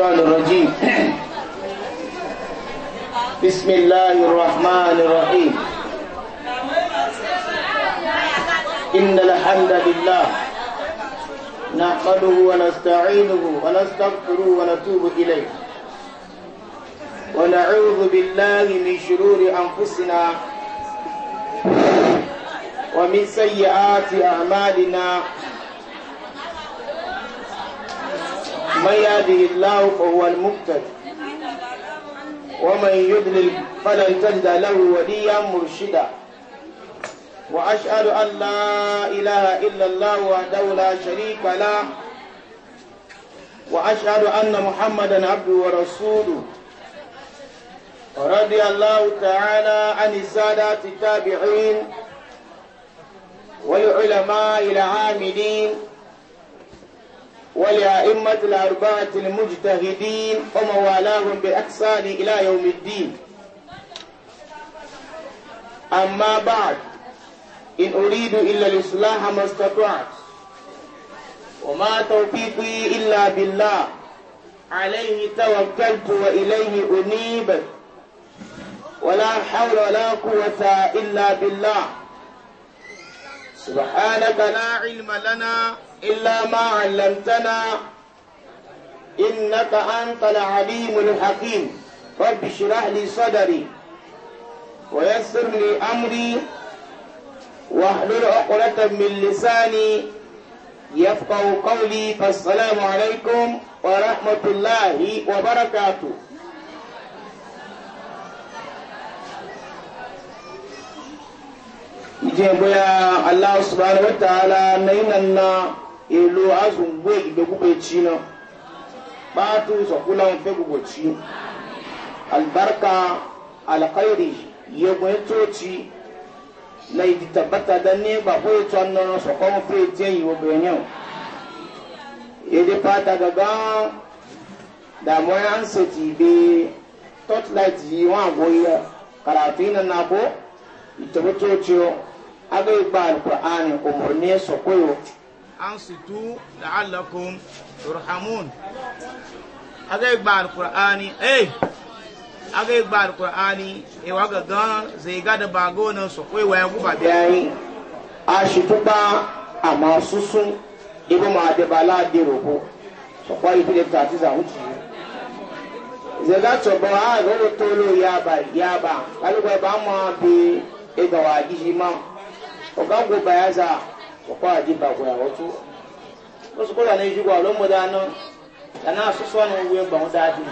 الشيطان الرجيم بسم الله الرحمن الرحيم إن الحمد لله نحمده ونستعينه ونستغفره ونتوب إليه ونعوذ بالله من شرور أنفسنا ومن سيئات أعمالنا من يهده الله فهو المقتد ومن يضلل فلن تجد له وليا مرشدا وأشهد أن لا إله إلا الله وحده لا شريك له وأشهد أن محمدا عبده ورسوله رضي الله تعالى عن السادة التابعين والعلماء العاملين ولأئمة الأربعة المجتهدين وموالاهم والاهم بإحسان إلى يوم الدين أما بعد إن أريد إلا الإصلاح ما استطعت وما توفيقي إلا بالله عليه توكلت وإليه أنيب ولا حول ولا قوة إلا بالله سبحانك لا علم لنا إلا ما علمتنا إنك أنت العليم الحكيم رب اشرح لي صدري ويسر لي أمري واحلل عقلة من لساني يفقه قولي فالسلام عليكم ورحمة الله وبركاته ije boya الله سبحانه وتعالى ta'ala èlò azùngbò ìgbẹ́ gbogbo etí náà pàtó sọ̀kúlà ń fẹ́ gbogbo tí alibarika alakairi yẹgbọn tó ti na ìdí tabata dání gbàgbó ètò anọ́nà sọ̀kọ́ wọn fẹ́ tí ẹ̀yìn obìnrin yẹn o èdè pàtà gàgán dààmú ẹ̀ ń ṣètì ìbí torchlight yìí wọn àgbo yẹ kàràtì yìí nana kó ìtọ́wótó tí o agbẹ́ ìgbà alukur'an ọmọ ní sọ̀kọ́ yìí o ansitu la'allakum turhamun agai gba alqur'ani eh agai gba alqur'ani e wa gaga zai ga da bago nan so koi waya guba bi yayi ashitu ba amma susun ibu ma da bala de roko so kwai ti ta ti za huci zai ga to ba a go tolo ya ba ya ba kalu ba ma bi e ga wa ji ma o ga go ba ya za sọ̀kọ́ àdìbà kò yàwó tó ó sọ̀kọ́ lànà ìjúgbà ló na dáná lànà àsọ̀sọ́ ni wọ́n gbà wọ́n dáadé.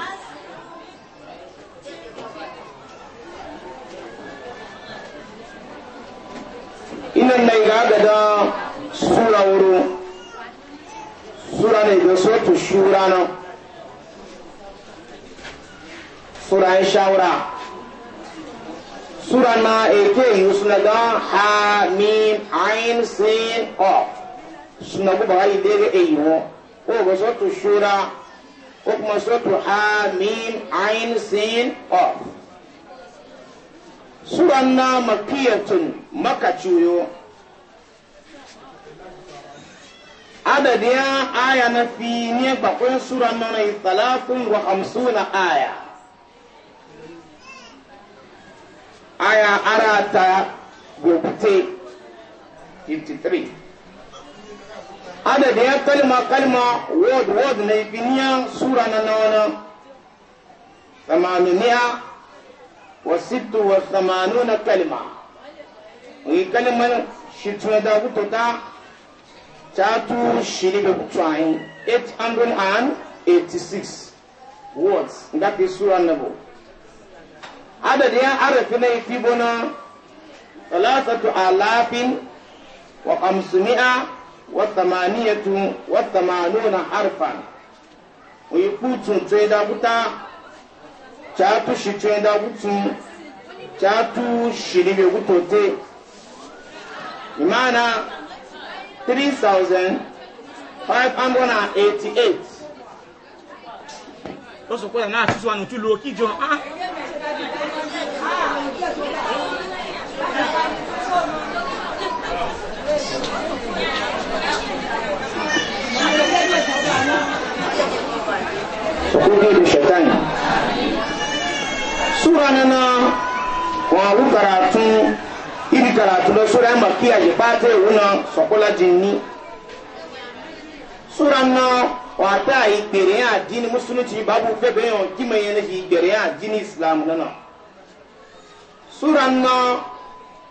ina nan ga gada sura wuru. sura ne ga sotu shura nan sura ya shawara sura na èkéyìí suna gan ha mim ayin sin ọ suna bó bàbá yìí déré èyí wọn ó bó sọtò sura ó kuma sọtò ha mim ayin sin ọ. sura na makiyatun makaciyo adadiya aya na fi ne bakwai sura na na yi talatun wa hamsuna aya. aya arata gopte 53 adadin ya kalma kalma word word na ibiniya sura na nawana samanuniya wa sittu wa samanuna kalma yi kalmar shi tuna da kuto ta shi shiri da kuto ayin 886 words da ke sura na nabu adadin arafi na yi tibuna talatatu alafin wa kamsumi'a wa tamaniyatu wa tamanuna harfan oyi kutun tsoye da kuta catu shi tsoye da kutun shi ne bai kutote imana 3,588 lọ́sọ̀kọ́ ẹ̀ náà ṣíṣọ́ ànùtú lo kíjọ kaidu shaitan sura nana wọn awu karatu ibi karatu lọ sura ma kí àyè pàtẹ ìwé náà sọkọlá di ní sura nana wọn ata ìgbèrè àdínní mùsùlùmí babu fẹbẹ yàn jìmọ yẹn lè fi ìgbèrè àdínní islam nana sura nana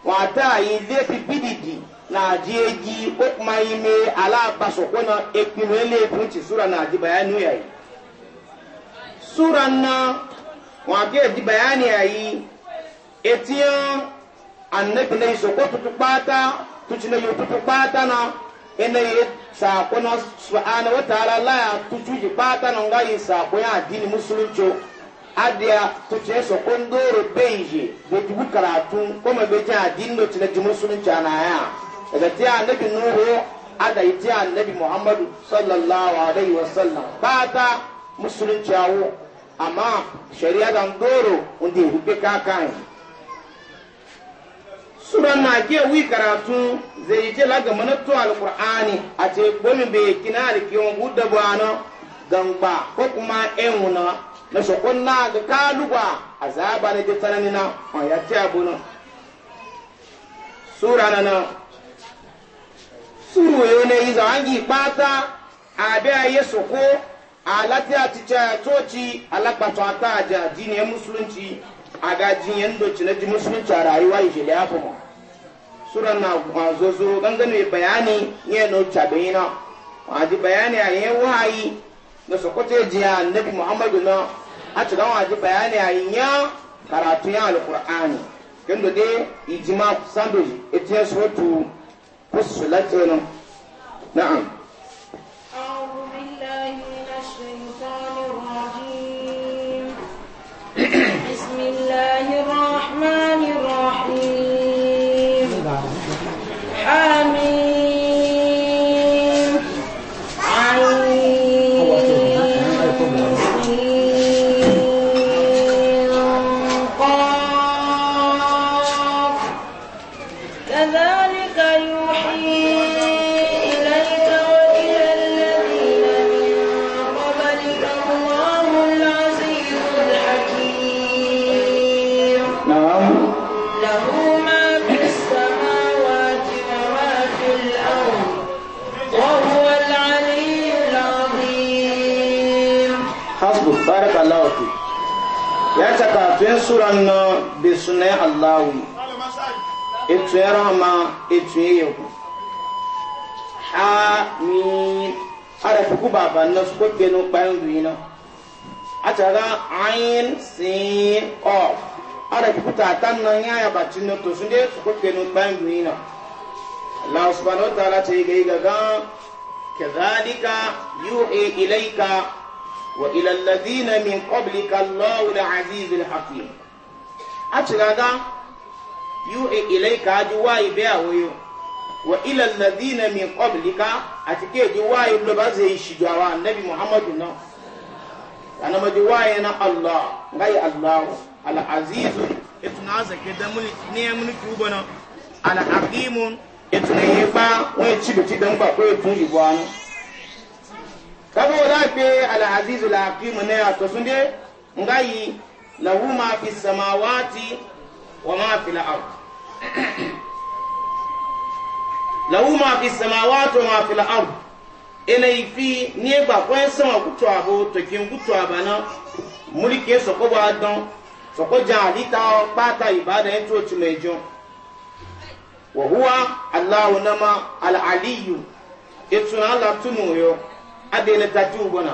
wọn ata ilé fi bídìdì nàdí èjì ó kuma yìí mé alábàṣọkọ náà èpinnu ẹlẹ́ẹ̀kùn ti sura nàdí bàyá nìyà yìí. sura nna wọn bí ẹ̀dí bayani ayi etiyan anabi na yi sọkọ tutu kpaata tutu na yi tutu kpaata na ena yi saako na subahana wa taala laya tutu yi kpaata na nga yi saako ya adi ni musulunco adiya tutu ya sọkọ ndoro beyi bejugu karatu kọma beji adi ni otu na di musulunco na ya daga ti anabi nuhu ada yi ti anabi muhammadu sallallahu alaihi wa sallam kpaata musulunco awo. amma shari'a da ngoro wanda ya hube kakan suran na ke wi karatu zai yi jela ga manatu alkur'ani a ce gomi bai kina da kiyon guda bana gangba ko kuma enwuna na shakon na ga kaluwa a zaba na jitsanani na a ya ce abu na sura na na suru yau ne yi zawangi bata a biya yesu alati achicha coci alakpato ata aja dini ya musulunci a ga jinye ndoci na ji musulunci a rayuwa ijele afọ kuma sura na zozo gangane bayani nye no chabe na wa bayani a yin wahayi na sokoto ji ya annabi muhammadu na a ci gawa bayani a yin ya karatu ya alkur'ani kendo de ijima sando etiyan sotu kusulatu na'am الله الرحمن الرحيم حميم sura nɔ bɛ sunɛ alahu etu yɛrɛ ma etu yɛ yɛku hami arafi ku baba nɔ suko kpɛnu kpɛn du yina atara ayin sin ɔf arafi ku tata nɔ nyaya bati nɔ tosun de suko kpɛnu kpɛn du yina alahu subahana wa taala te yi ga gan kazalika yuhi ilayka wa ila min qablika allahu al-aziz al-hakim achigaga yuhi e ilaika aji wayi be awoyo wa ila alladhina min qablika atike ji wayi lo ba zai shi jawa muhammadu na ana ma ji wayi na allah ngai allah al aziz itna zake da mun ne mun ki ubana al hakimun itna yeba wai ci bi dan ba ko tun ibo anu kabo da pe al aziz al hakim ne atosunde ngai lahu ma fi samawati wa ma fi al-ard lahu ma fi samawati wa ma fi al-ard ina ifi ni e gba kwen sama kutu abo to kin kutu abana mulike so ko ba don so ko ja alita o pata ibada en to tumejo wa huwa allahu nama al-aliyu etu ala tumu yo adele tatu bona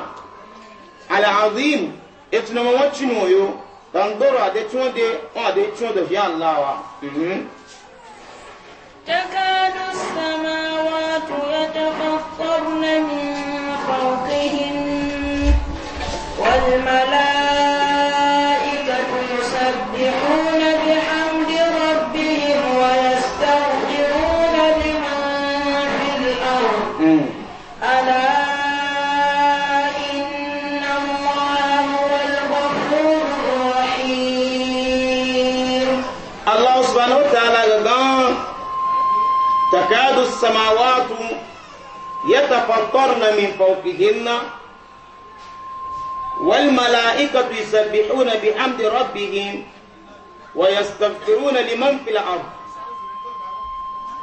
al-azim etu nama wachinu yo dangoro ade tunde on ade tunde fi Allah wa mhm تكاد السماوات يتفطرن من فوقهم والملائكة يتفطرن من فوقهن والملائكة يسبحون بحمد ربهم ويستغفرون لمن في الأرض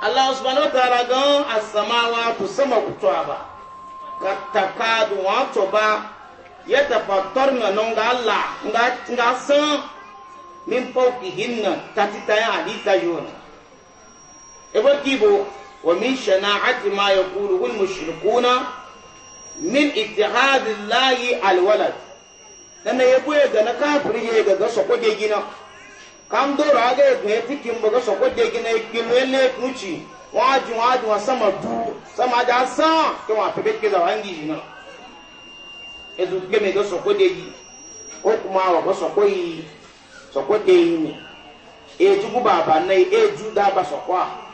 الله سبحانه وتعالى قال السماوات سما كتابا تكاد واتبا يتفطرن نونغ الله نونغ السماء من فوقهن تتتايا حديث يونا إبو كيبو ومن شناعة ما يقوله المشركون من اتخاذ الله الولد nana ya ye gana kafiri ye ga soko de gina kan doro aga ye ya tikin baga soko de gina ikilu ele kuchi waju waju wa sama du sama da sa to wa fe beke da wangi jina ezu ga soko de gi o kuma wa ga soko yi de yi e baba nai e ju da ba a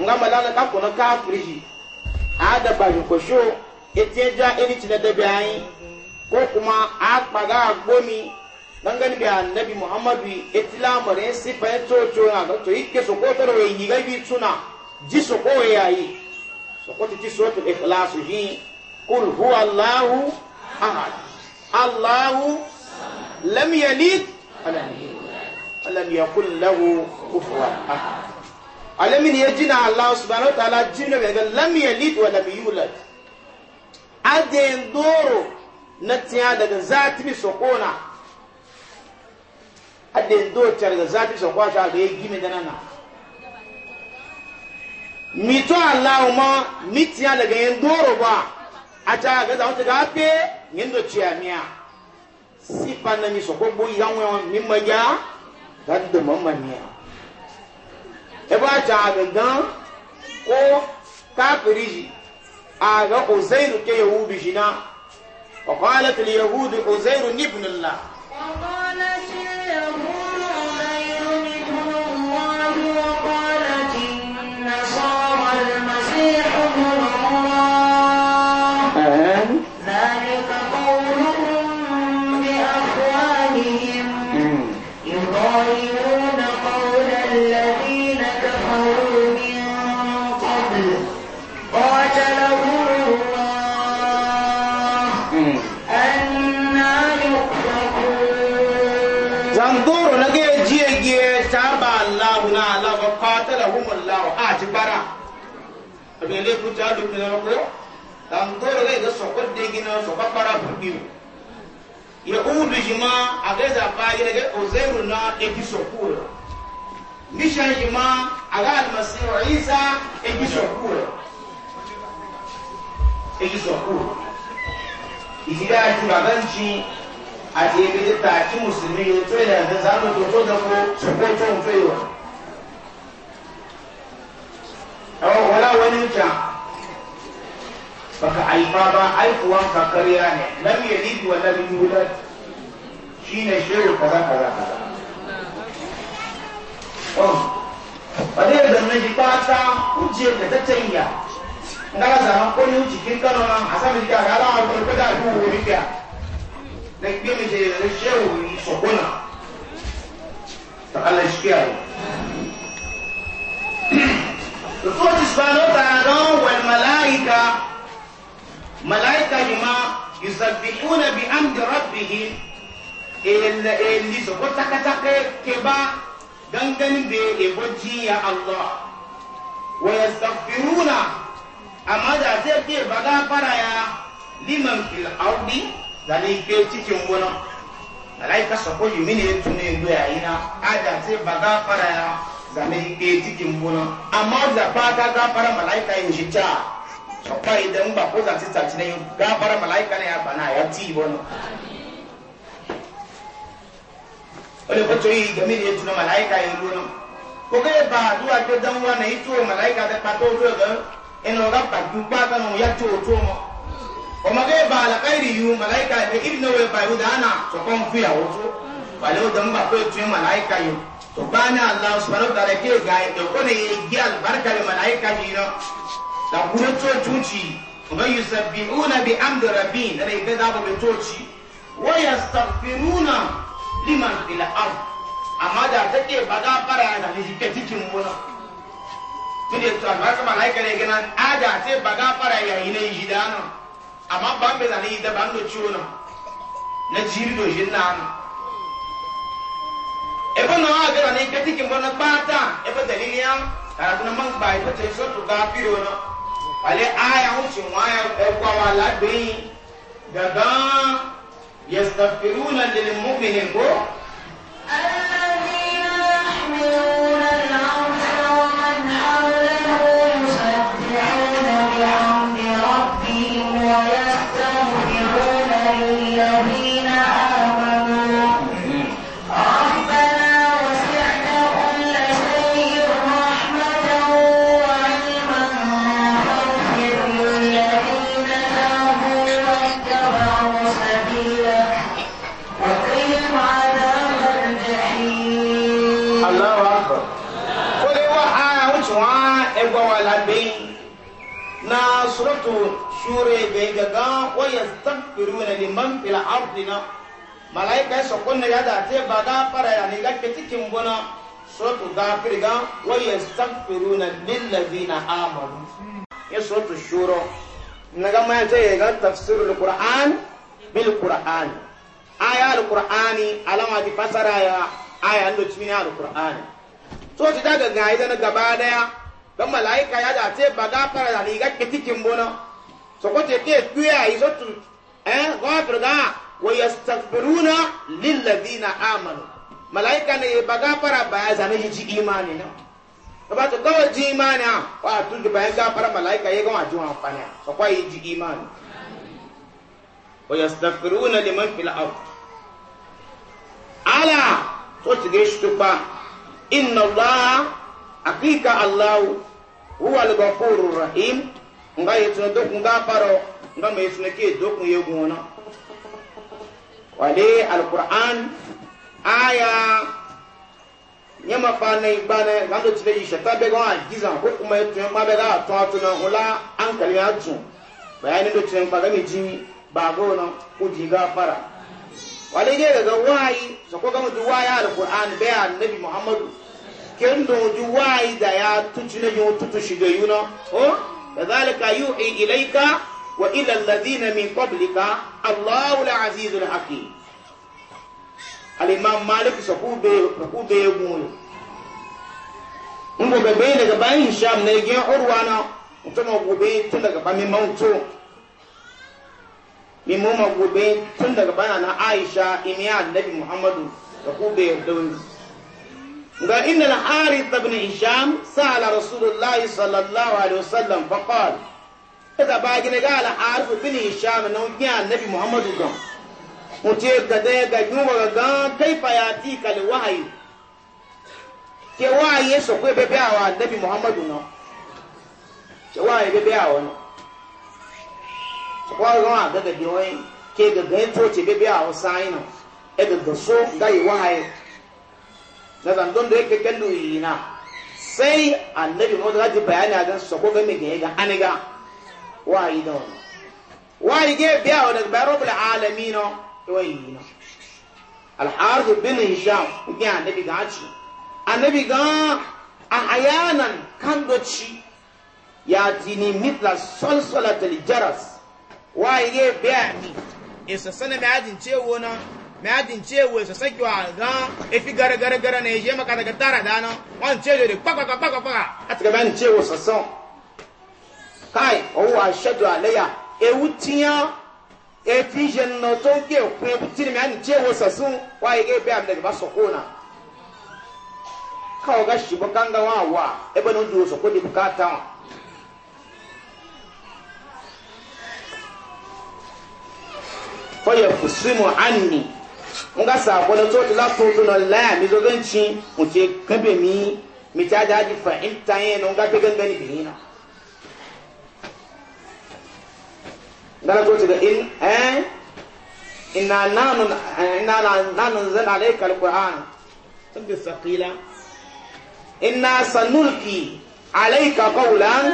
nga mala na ka kono ka firiji a da ba ko sho ete ja iri na da bi ko kuma a kpaga don gani bi annabi muhammadu eti mare sifa ya coco na ga to ike so ko toro e yi ga bi tuna ji so ko e yayi so ko ti so to ikhlas ji qul huwa allah ahad allahu lam yalid ولم يكن له كفوا احد alamin ya jina allah subhanahu wa ta'ala jina bai ga lam yalid wa lam yulad aden doro na tiya daga zati bi sokona aden do tiya daga zati sokona ta ga gimi da nana mi to allah ma mi tiya daga yin doro ba a ta ga za ta ga pe yin do tiya miya sipa na mi sokogbo yawon mi maja gaddo mamma miya ebe a ca gangan ko kafiri shi a ga uzairu ke yahudu shi na wa qalat al yahud uzairu ibn allah wa qalat al yahud zangoro na ga jiye giye ta ba Allah na Allah ba fata da humun lawo a ah, ci bara a bai laifin ta duk na ko zangoro ga ga sokor da gina sokor bara fuki ya udu jima a ga za ba ya ga ozairu na eki sokura nishan jima a ga almasiru isa eki sokura eki sokura ìdílé àti bàbá ń jin a da taki musulmi ya to ya da zamu to to da ko su ko to mu to yo aw wala wani ta baka aifa ba aifuwan ka karya ne lam yalid wa lam yulad shine shehu kaza kaza kaza Ba zai yadda na ji ta kuje da ta canya na zama kwanin cikin kanonan a samun ga gara a kwarkwata a duhu wuri na gbé mi jẹ ní sẹ́wù sọ̀gbọ́nà ta ala ìṣúkẹ́ àrò. Lọ́fọ́ ti sùpàdọ́ tààdọ́ wẹ̀l màláìka màláìka yìí ma ìsàbìkúnà bí àmì rọ́bìhì èlì sọ̀kọ́ takatakẹ́ kẹba gangan bẹ èbó jíya Allah. ويستغفرون أما ذا سيكي بغا فرايا liman في الأرض zani ikpe cikin na malaika sako yi mini etu na elu ya yi na aja ti baga fara ya zani ikpe za ga gafara malaika yin shi ta sọpa idan ba ko za ti na gafara malaika na ya bana ya ti wani wani kwato yi gami etu na malaika ya wani ko kai ba aduwa ta dan wani ito malaika ga ya ti otu ọmọge baala kairi yu malaika ye ibina wo ba yu dana sọkọn fi awo so wale o ba ko tun malaika yu to baani ala subahana wa taala ke ga ye ko ne ye gi alibarika ye malaika yi na da kuro to tuci ci o bɛ yusa bi una bi amdu rabi nana ibe daa bɛ to ci wa yastafiruna liman fila aw amma da ta ke baga bara ya da ni kɛ ti kin wona tun de to alibarika malaika de gana a da te baga fara ya yi na yi da dana. amma ban bai zane da ban da ciwo nan na jiri do jin na ana ebe na wa gara ne kati kin bona bata ebe dalili ya karatu na man ba ebe ta so to ga piro na wale aya hu cin waya e kwa wala bin daga yastaghfiruna lil mu'minin ko الذي sure bai gaga wa na liman fil ardina malaika so kunna ya da te baga para ya ni gakke cikin gona suratu ghafir ga wa na lil ladina amanu ya suratu shura naga ma ta ga tafsirul qur'an bil qur'an aya al qur'ani alama di fasara ya aya ando cimini al qur'ani to ti daga ga idan gaba daya dan malaika ya da te baga para ya ni gakke cikin gona sokote ke kuya izotu eh gafir ga wa yastaghfiruna lil ladina amanu malaika ne baga para baya zane ji imani na ba to gawa ji imani wa tun da bayan gafara malaika ye gawa ji wa fana so kwa ji imani wa yastaghfiruna liman fil ard ala so tige shtupa inna allah hakika allah huwa al-ghafurur rahim nga yi tun dokun ga baro nga mai tun ke dokun ye gona wale alquran aya nyama pa na ibana ga do tile yi shata be ga giza ko kuma yi tun ma be ga to to na ola an kali ya tun bayani do tun ba ga mi ji ba go na ku ji ga fara wale ge ga wayi so ko ga mu waya alquran be annabi muhammadu kendo ju wayi da ya tuci na yo tutu shi ga yuna oh كذلك يوحي إليك وإلى الذين من قبلك الله العزيز الحكيم الإمام مالك سكو بيقول Ngo gabe daga bayan Hisham ne gen urwa na mutum gobe tun daga ba mi mauto mi gobe tun daga bayan na Aisha imiya Annabi Muhammadu da kube ga inda na hari ta bin isham sa'ala rasulullahi sallallahu alaihi wasallam fa qala kada ba gine ga al harfu bin isham na ungi annabi muhammadu ga mutje ga da ga nyuma ga ga kai fa ya ti kal wahayi ke wahayi so ko bebe awa annabi muhammadu no ke wahayi bebe awa no ko ga ga ga ke ga ga to ce bebe awa sai no e da so dai wahayi na zandon da yake kallo yina sai annabi mu da ji bayani a gan su ko ga me ga ga aniga wa yi da wannan wa yi ge biya wa daga bayan rabbul alamin wa yi na al-harith bin hisham ga annabi ga ci annabi ga a ayanan kan doci ya tini mitla solsolatul jaras wa yi ge biya ni isa sana mai ajin cewa na me adin cewa sa saki wa ga efi gara gara gara na eje maka daga tara da nan wan cewa da kwakwa kwakwa kwakwa ati ti gaba ni cewa sassan kai owo a shadu alaya ewu tiya efi jen na to ke kun ebu tiri me adin cewa sassan wa yi ga ebe abin daga ba so kona kawo ga shi bukan ga wa wa ebe na ojo so ko di bukata wa fọyọ kùsùmù ánì nga sako na tsoti la tutu na la mi zo ganci mu ce kabe mi mi ta da ji fa in ta yin nga be gangani bi hina in eh inna nanu eh, inna nanu zan alayka alquran tabi saqila inna sanulqi alayka qawlan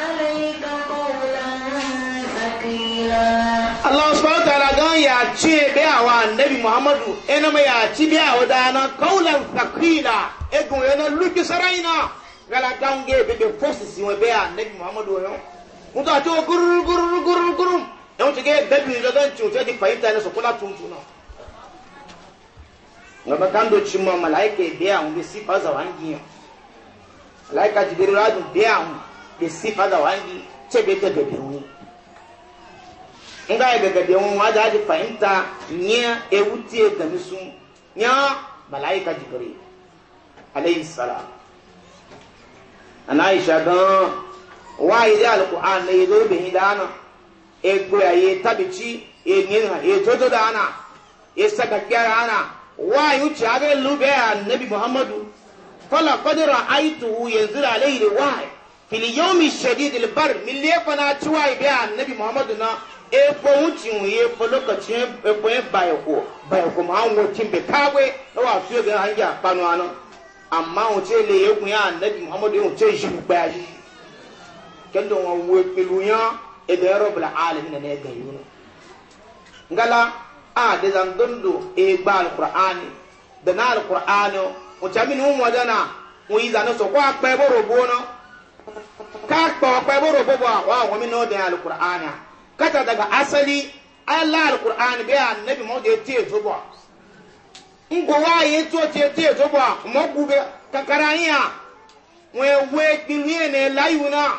alayka qawlan saqila Allah subhanahu wa ta'ala gan ya ce biya wa annabi Muhammadu ina eh, ma ya ci biya wa dana kaulan sakila egun eh, yana luki saraina gala gange be be fosi si wa biya annabi Muhammadu yo muta to gurur gurur gurur gurur don ci ge da bi gan ci ta di fahimta ne su kula tuntuna ngaba kan do ci ma malaike biya mu si fa za wangi malaika jibril radu biya mu be si fa za wangi ce be ta be ni nga gagabe wọn wọn adaaji fahimta nyɛ ewutie gami sun nyɛ malayika jibiri alayhi salam ana aisha gan waa yi de alquran na e yi de obe yi daana egbe aye tabici enira etoto daana esagagbea daana waa yi uche aga elu bee anabi muhammadu fala kɔdira aituhu yanzira alayhi de waa fili yomi shadid albar miliye fana ciwa yi bee anabi muhammadu na. ekpo wuti wu ye po lokaci ye ma an wo timbe kawe na wa su ebe an ja panu amma wo ce le ye ya annabi muhammadu wo ce shi gba shi kendo wo wo pelu ya e be rabbul alamin ne ga yuno ngala a de zan dondo e gba na alqur'ani wo yi zan so ka wa no de kata daga asali Allah alquran be annabi mo de tie to bo ngo wa ye to tie tie to bo mo bu be kakaranya we we gbiwe ne layuna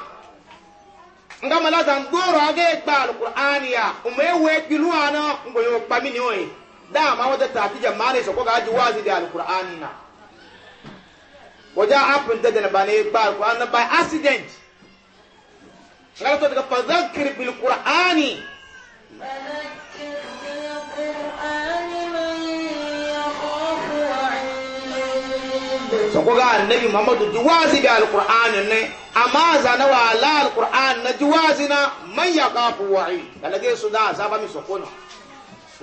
nga mala tan gboro age gba alquran ya ume we gbilu ana ngo yo pa mi ni oyin da ma wata ta ti jama'are so ko ga ji wazi da alquran na waja apun da da bane gba alquran by accident Nga to daga fadhakir bil Qur'ani. Fadhakir bil Qur'ani man yakhafu wa'id. Sako ga annabi Muhammadu juwazi bi al-Qur'ani ne amma zana wa la al-Qur'ani na juwazi na man yakhafu wa'id. Kalage su da azaba mi sokona.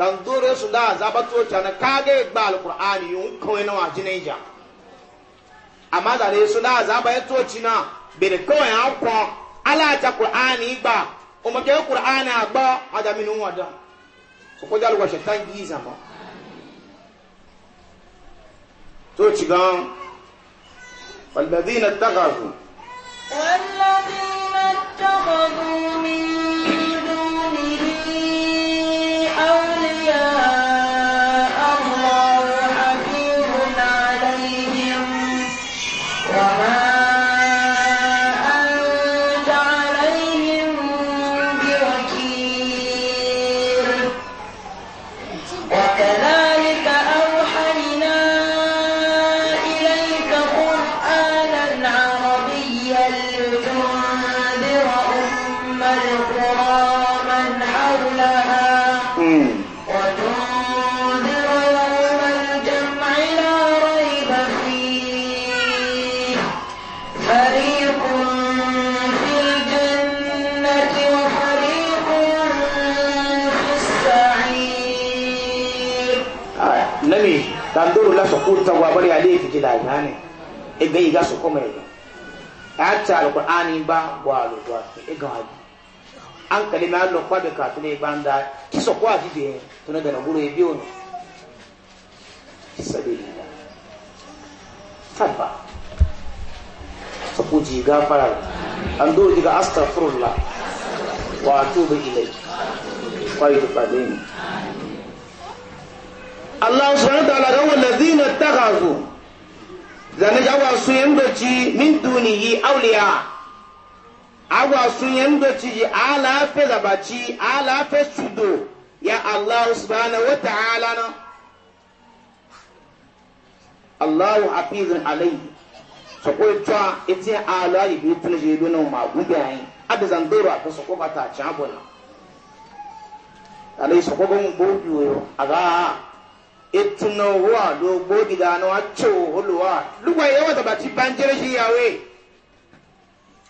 Dan dore su da zaba to tana kage gba al-Qur'ani yun kawai na wajinai ja. Amma da su da azaba ya to cina bai da kawai an kwan alaata kur'ani gba omake kur'ani agba adaminu wada so ko jalu washe tan zama to gan والذين اتخذوا والذين اتخذوا من ta gwabar ya laifin jila ya ne ebe iga su kuma ya ga ya ce alkur'ani ba gwalo gwa ga hajji an kali na lo kwa be ka tule banda kiso kwa jibe tuna da nguru e biyo no sabilillah tabba sabu ji fara an do ga astaghfirullah wa atubu ilai qaydu qadin Allah subhanahu wa ta'ala ga walladhina ittakhadhu zanajawa wasu yanda ci min dunihi awliya agwa sunye ndochi ji ala afe zabaci ala afe sudo ya allah subhanahu wa ta'ala na allahu hafizun alayhi sako itwa ite ala ibi tun je ilu na ma gube ayin adizan doro afi sako bata ci abu na alayhi sako gbogbo gbobi oyo aga ituna owo alo gbobi da anu acho oluwa lugwa yawa zabaci banjere shi yawe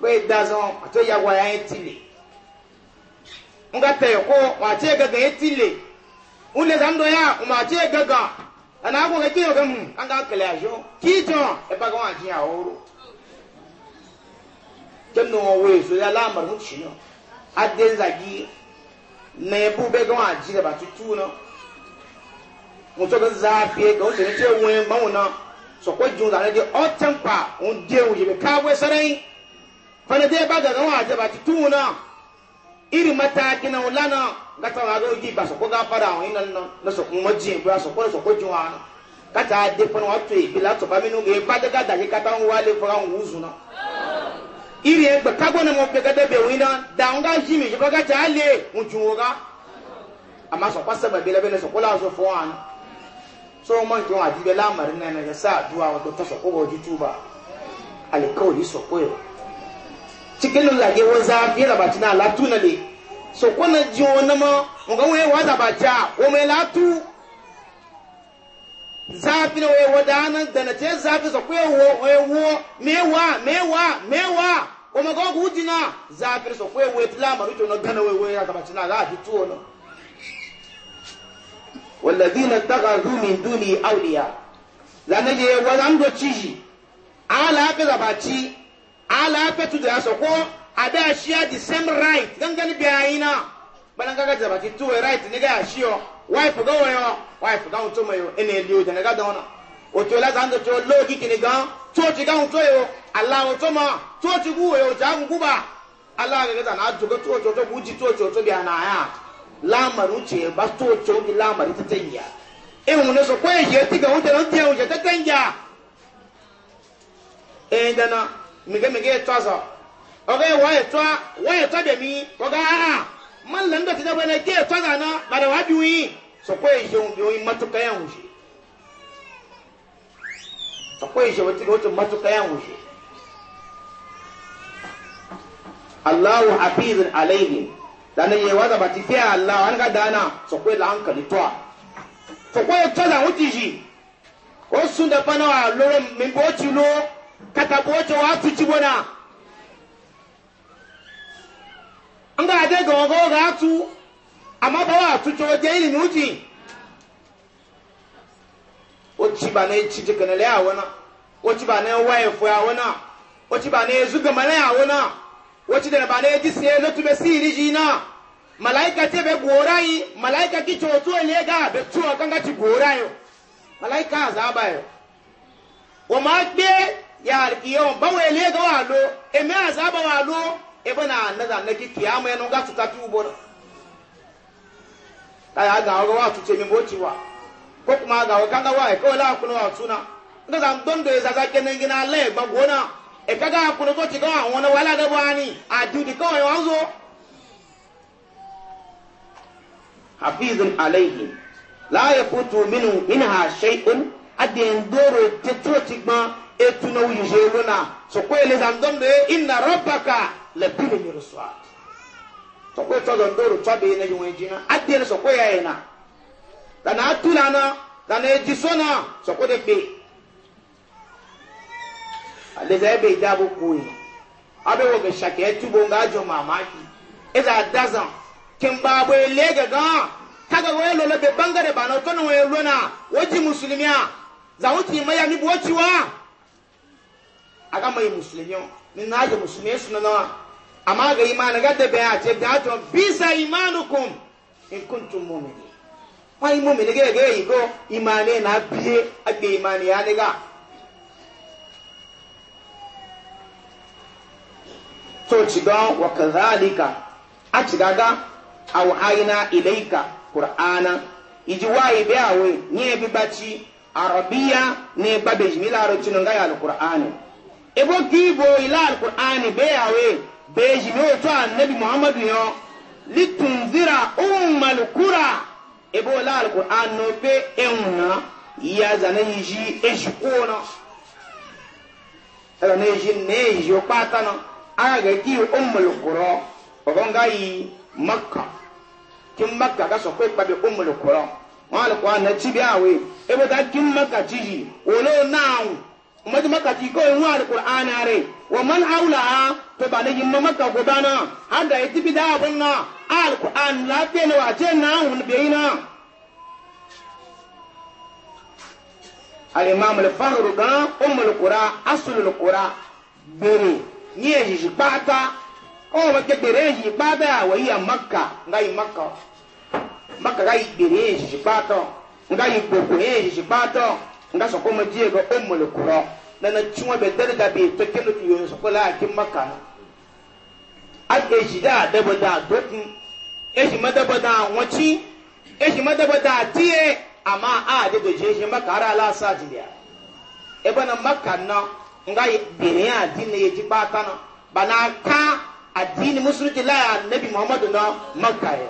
bai da zan ato ya wa yayin tile nga ta ko wa ce gaga ya tile ule zan do ya ma ce gaga ana ko ga kiyo ga mu an ga kala jo ki jo e ba ga wa ji ya oro tan no we so ya la mar mu shi no aden zagi ne bu be ga wa ji da ba tutu no mo to ga za fi ga o se ne ce won ma won na so ko da ne de o tan pa on de fana dai ba ga gawa ba ti tuna iri mataki na ulana ga ta ga ji ba so ko ga fara on na so kuma ji ba so ko so ko ji wa ka ta de fana to ba ba da da ka ta wa le fara on na iri e gba ka go na mo be ga da be da on ga ji mi ko ga ta le un ju ga amma so kwa sababu bila so ko la so fo so wa di be la na na sa duwa wa to so ko go ji so cikin za fiye bira ba tina latu na le so kona ji wona ma nga wa waza ba ja o me latu zafi na we wada na da na te zafi so kwe wo we wo mewa mewa mewa o ma go gudina zafi so kwe we tla ma ruto na gana we we ya ba tina la ti tu ona والذين اتخذوا من دوني اولياء لانه يوزن دو تشي على بذباتي ala petu da so ko ada share the same right gangan bi ayina bana gaga jaba ti two right ni ga shio wife ga wo wife ga unto mayo ene li o ga dona o to la zando to logi kini ga to ti ga unto yo ala to ma to ti gu yo ja gu ba ala ga ga na jogo to to to buji to to to bi ana ya la maru che ba to to bi la ta ya e mu ne so ko ye ti ga unto no ti o je ta ta mege mege ye to wa ye to de mi ko a man lan da tida bana ke to na ba da wa bi wi so ko ye je yi matuka ya wushi so ko ye je wati do to matuka ya wushi Allahu hafizun Allah an ga dana so ko la hankali to so ko ye to za wuti ji ko sun da fana wa lore min bo lo katabocho watu chibona nga ade gogo gatu amaba watu choje ili nuji ochiba na ichije kanale awona ochiba na wife awona ochiba na ezuga male awona ochide na bale jise no tumesiri jina malaika tebe guorai malaika kichotu elega betu akanga chiguorayo malaika azabayo wama gbe ya alkiyom ban wai le ga walo e me azaba walo e bana na da na kiyama ga tuta tu ta ya ga wa tu ce mi bo wa ko kuma ga wa kanga wa e ko la kuno wa tuna ga zan don do e za za kenan gina le ba gona e kaga kuno wala da wani a la yafutu minhu minha shay'un etu na wuyi zhe na so ko ele zan don de inna rabbaka la bil mirsad so ko to don do ru to be na yi wen jina adde so ko ya ina dana atula na dana eji so na so ko de be ale za be da bu ko abe wo be shake etu bo nga jo mama ki eza dazan kin ba bo ele ga ga kaga wo ele le be bangare ba na to na wo ele na wo ji muslimiya za wo ti maya ni bo wa aga mai musulmi ni na ga musulmi su na nawa amma ga imani ga a ce ga to bisa imanukum in kuntum mu'mini wa imu mi ga ga yi go na biye agbe imani ya ni ga to ci ga wa kadhalika a ci ga ga aw aina ilaika qur'ana iji wayi be awe ni e bi bachi arabiya ne babe jimila ro cinu ga ya alqur'ani ebo kiibo ila alqur'ani beyawe beji no to annabi muhammadu yo litunzira ummal qura ebo la alqur'an no be enna ya zana yiji eshkona ana yiji ne yo pata no aga ki ummul qura ogonga yi makka kin makka ga so ko be ummul qura wa alqur'an na tibi awe ebo ga kin makka tiji wolo nawo madu maka ti ko enwa alquran are wa man haula to ba ne yimma maka ko bana hada yati bida bunna alquran la te ne wa na hun beina al imam al fahr ga um al qura asl al qura bere ni e ji pata o wa ke bere ji pata wa ya makka ngai makka makka ga bere ji pata ngai ko ko e ji pata nga sɔkɔ ma die bɛ o mɔli kurɔ na tiwɔn bɛ dari da bɛ to kɛnɛ tu yɔrɔ sɔkɔ la a ti ma kan a ezi da a dɛbɔ da a dɔ kun ezi ma dɛbɔ da a ŋɔtsi ezi ma dɛbɔ da a tie ama a de do ezi ma kaara ala sa ti ya e bana ma kan na nga bere a di ne ye ti ba kan na bana ka a di ni musulun la ya nabi muhammadu na ma ya.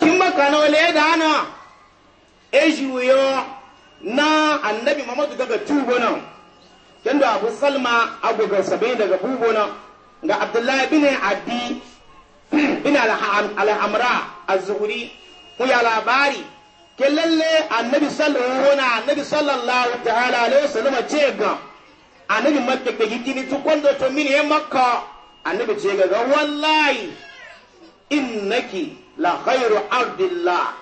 kin ma na o le da na. ejiwuyo na annabi mamadu daga tubona kendo abu salma agoga saba'in daga bubona ga abdullahi bin abi bin al al'amra az-zuhri ku ya labari ke lalle annabi sallallahu na annabi sallallahu ta'ala alaihi wasallam ce ga annabi makka ke gidini to kwando to min ya makka annabi ce ga wallahi innaki la khairu abdillah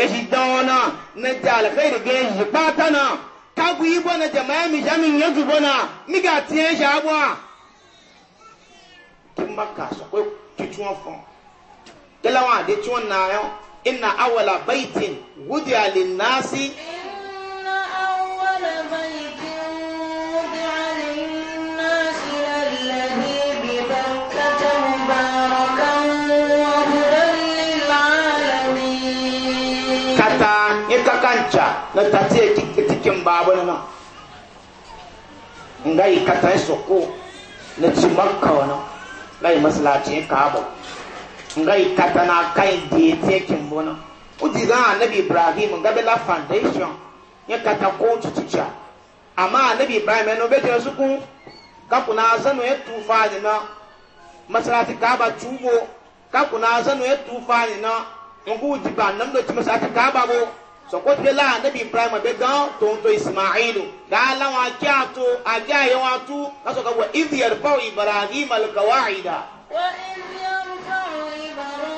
eji dɔɔna na jaal xeyri gɛɛ yi na kagu yi bɔ na jamaya mi ja mi nyɛ na mi gaa tiɲɛ ja bɔ a. kimba kaa sɔkɔ tutuwa fɔn gɛlɛn wa de tuwa naayɔ ina awala baitin wudi ali naasi. ina awala baitin. aca na tati etikin babu nan nga yi katan soko na ci makka wani lai masalacin kabo nga yi katan na kai da ya tekin bonan uji zan annabi ibrahim nga bela foundation ya kata ko cica amma annabi ibrahim ya nobe ta suku na zanu ya tufa ni na masalati kaba tubo na zanu ya tufa ni na ngu jiba nan da ci masalati kaba bo sọkọtẹ la anabi ibrahim bɛ gan tonto ismailu gaala wọn ajé ato ajé ayé wọn atu lásìkò wọn ibi yẹrù pàwọn ibrahim alikawa ayida. wọ́n ibi yẹrù pàwọn ibrahim.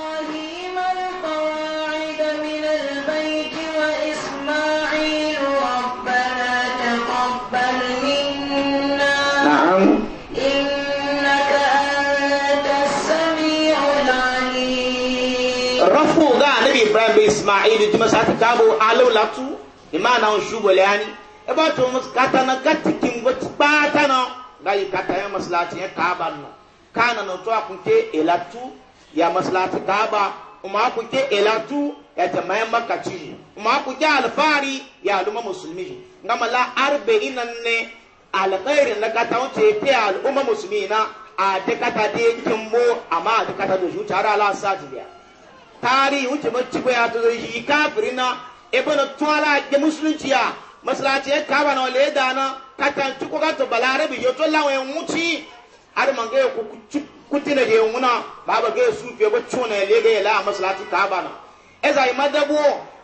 ismail juma sa ta kabo alau latu imana su shugo ani e ba to mus kata na katikin go tipata no gai kata ya maslati ya kaba no kana no to akunke elatu ya maslati kaba umma akunke elatu ya ta jama'a makaci umma akunke alfari ya aluma musulmi ngama la arba'ina ne alkhairi na kata on ce pe al'umma na a de kata de kimbo amma a de kata do ju tara ala sadiya tarihi wuce bacci ko ya tozo shi kafiri na ebe na tuwala ke musulunci ya masalaci ya kaba na wale da na ka kakan ci ko ka gato balare bi yoto lawa ya wuci har man ga ya kuti na je wuna baba ga su fiye ba cuna ya lega ya la masalaci kaba na eza yi madabo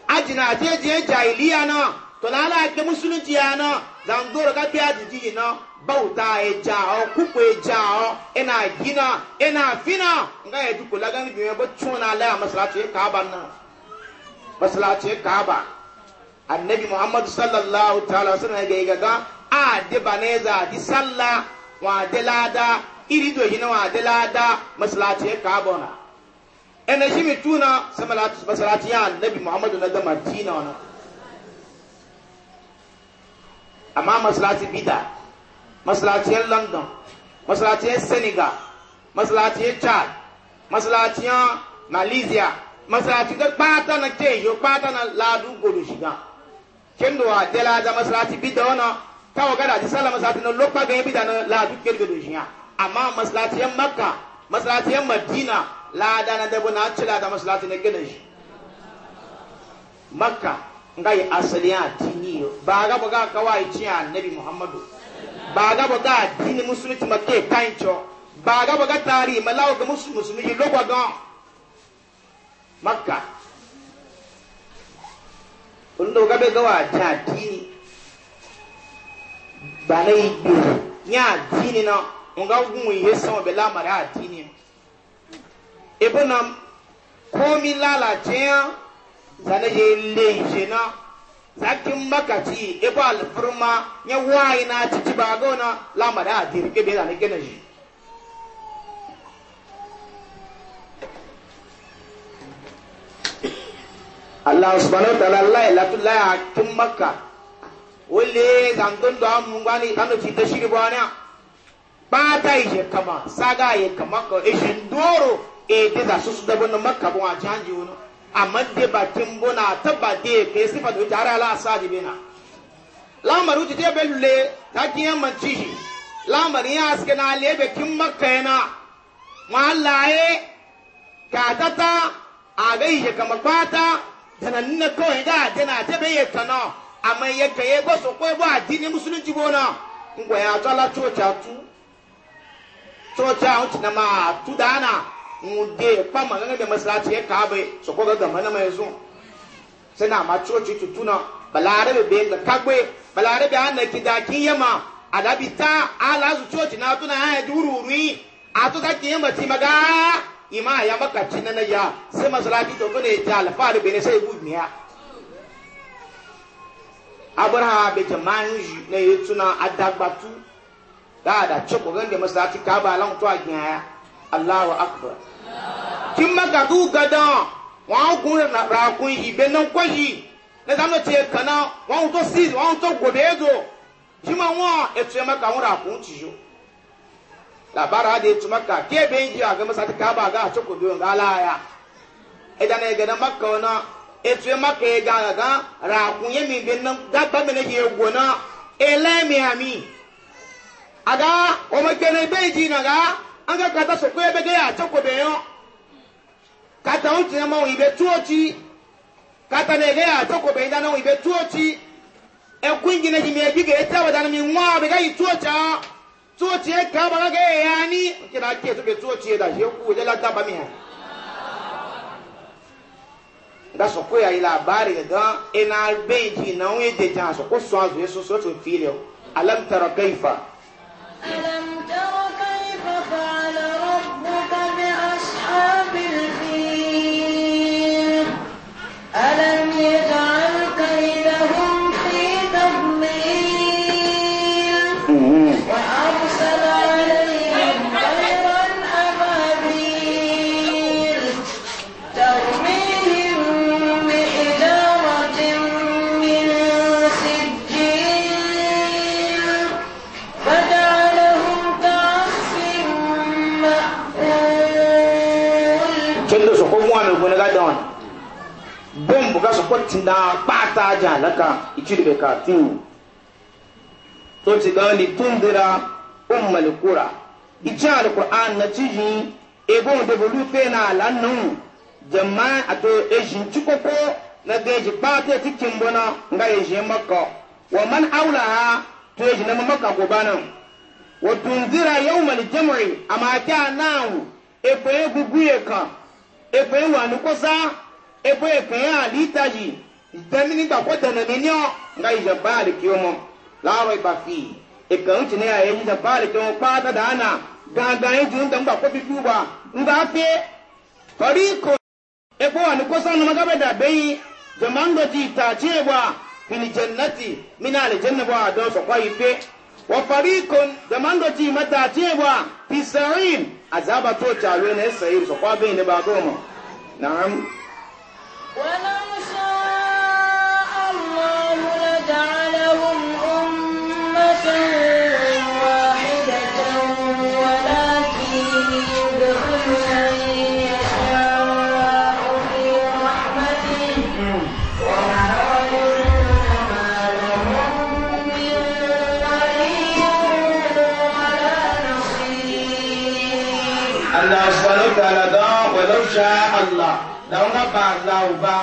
ajina ajejiyar jahiliya na to lala ke musulunci ya na zangoro ka biya jiji na bauta ya jawo kuku ya jawo ina gina ina fina nga ya duku lagan biyu ba tuna la masallaci kaaba masalaci masallaci kaaba annabi muhammad sallallahu ta'ala wasallam ga ga ga a de baneza di salla wa de lada iri do hina wa de lada masallaci kaaba na ina shi mi tuna samalatu masallaci ya annabi muhammad na da madina na amma masallaci bid'a masalaciyar london masalaciyar senegal masalaciyar chad masalaciyar malaysia masalaci da kpata na ke yo kpata na ladu godo shiga kendo wa dela da masalaci bi da wana ta wa gada jisala masalaci na lokpa ganyen bi da na ladu ke godo shiga amma masalaciyar makka masalaciyar madina lada na dabo na cila da masalaci na gina shi makka nga yi asali a dini ba ga ba ga kawai ci nabi muhammadu ba ga ba ga addini musulunci ma ke kan cho ba ga ba ga tari ma lawo ga musulmi lo gwa don makka undo ga be ga wa ta addini ba na yi bi nya dini na nga gun yi san be la mara addini ebo na komi lala ya zanaje le je na sakin makaci ifa alfurma ya wayi na cici ba gona lamada a dirke bai zane gina shi Allah subhanahu wa ta'ala ya latu la hakim makka wale zandun da mun gani kanu ci ta shiri ba na ba ta yi kama saga yi kama ko e ishin doro e ta su su da bun makka bun a canji wani amma de bakin bona taba de kai sifa da tare ala asadi bina lamaru ti be lule ta kiyan manci shi ya aske na lebe kin makka yana ma laye ka ta a gai je kama kwata dana nna kawai da dana ta be ya tana amma ya kaye ba so koi ba addini musulunci bona ngwa tala chocha tu chocha unti na ma tu dana nde kpama ngana da masalati ya kabe so ko ga mana mai zo sai na ma coci tutuna balare be benga kagwe balare be an ki da ki yama adabita ala zu coci na tuna ya dururi ato da ki yama ti maga ima ya maka cinna na ya sai masalati to ko ne ta alfaru be ne sai gudniya abraha be jama'in ne yutuna adagbatu da da cikogan da masalati ka ba lan to a gnya Allahu akbar ti magadu gada wọn kun rakun ibe na nkwa yi na zanu tie kana wọn to si wọn to gobe edo ti ma wọn etu ya maka wọn rakun ti yo labara de etu maka ke be yi a ga masa ti ka ba ga ato ko biyo ga ala ya eda na ega na maka ona etu ya maka ega ga rakun ye mi be na ga ba me na ye egwo na ele mi ami aga o me kene e be ji na ga an ga kata so ko ebe ga ya ato ko be yo kata ŋutsu ne mawu yi be tuwo tsi kata ne ge atɔ ko be yi da na wo yi be tuwo tsi eku yi ne yi mi da mi ŋua be ka yi tuwo tsa tuwo ge o que na ke so da o la daba ya ena na de dza alam tara alam tara. sokoti da kpata aja laka ichiribe ka tin to ti ga li tundira kura ummal qura ichi alquran na chiji ebo de bolu fe na lanu jama ato ejin chukoko na geji kpata ti kimbona nga ejin makko wa man aulaha to ejin na makka ko banan wa tundira yawmal jam'i ama ta nawo efe e gugu e kan efe e wa nukosa ebo ekpɛɛ alita yi dɛmini gbakɔ dɛnɛminiɔ nga yi zɛ baari kio mɔ laarɔ iba fi ekɛŋ tini a ye yi zɛ baari kio mɔ kpaata daana gangan yi dunu dɛm gbakɔ bi duba nga pe tɔri ko ebo ani kosan nama ka bɛ da be yi jaman dɔ ti taa tiɛ bɔ a fini jɛnnati mina alijanna bɔ adọ dɔn sɔkɔ yi pe wa fari ko jaman dɔ ti ma taa tiɛ bɔ a fi sɛrin azaba to caalon ne sɛyin sɔkɔ bɛ yen ne b'a dɔn ma naam. ولو شاء الله لجعلهم أمة واحدة ولكن يدخل من يشاء في رحمته ولا يظلم ما لهم من ولي ولا نصير الله سبحانه وتعالى ولو شاء الله daunga ba lauba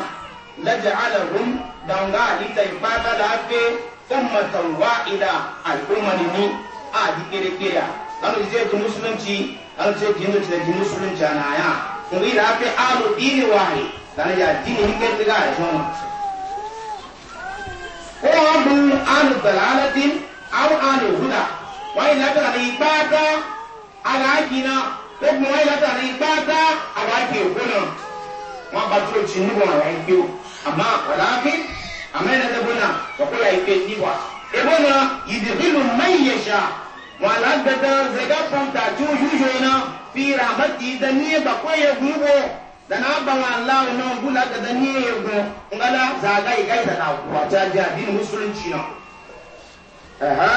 laj'alahum daunga alita ibada lafe ummatan wa'ida al'ummani ni a dikere kiriya lanu je ji musulunci lanu je ji musulunci da Muslim musulunci na ya ngi lafe alu dini wahi lanu ya dini ni ke tiga ya shoma ko hum an dalalatin aw an huda wa ila ta ibada ala kina ko mo ila ta ibada ala ke huda wọn bá tó ti níbọ̀ àwọn ẹgbẹ́ o àmọ́ ọ̀làákí àmọ́ ẹ̀rọ ẹ̀dẹ́gbẹ́ náà wọ́pẹ́ yà ìpè níwà. ebo na ìdìbìlù mẹ́yẹ̀ṣà wọn alágbẹ̀dẹ zẹ̀gá pọ̀ǹtà tí ó yúyọ iná fi ràbàtì ìdẹ́niyẹ bàkọ́ yẹ gùn wọ dana bawa Allah na gula ga da ni ya go ngala zaga yi kai da na wata ji addinin musulunci na aha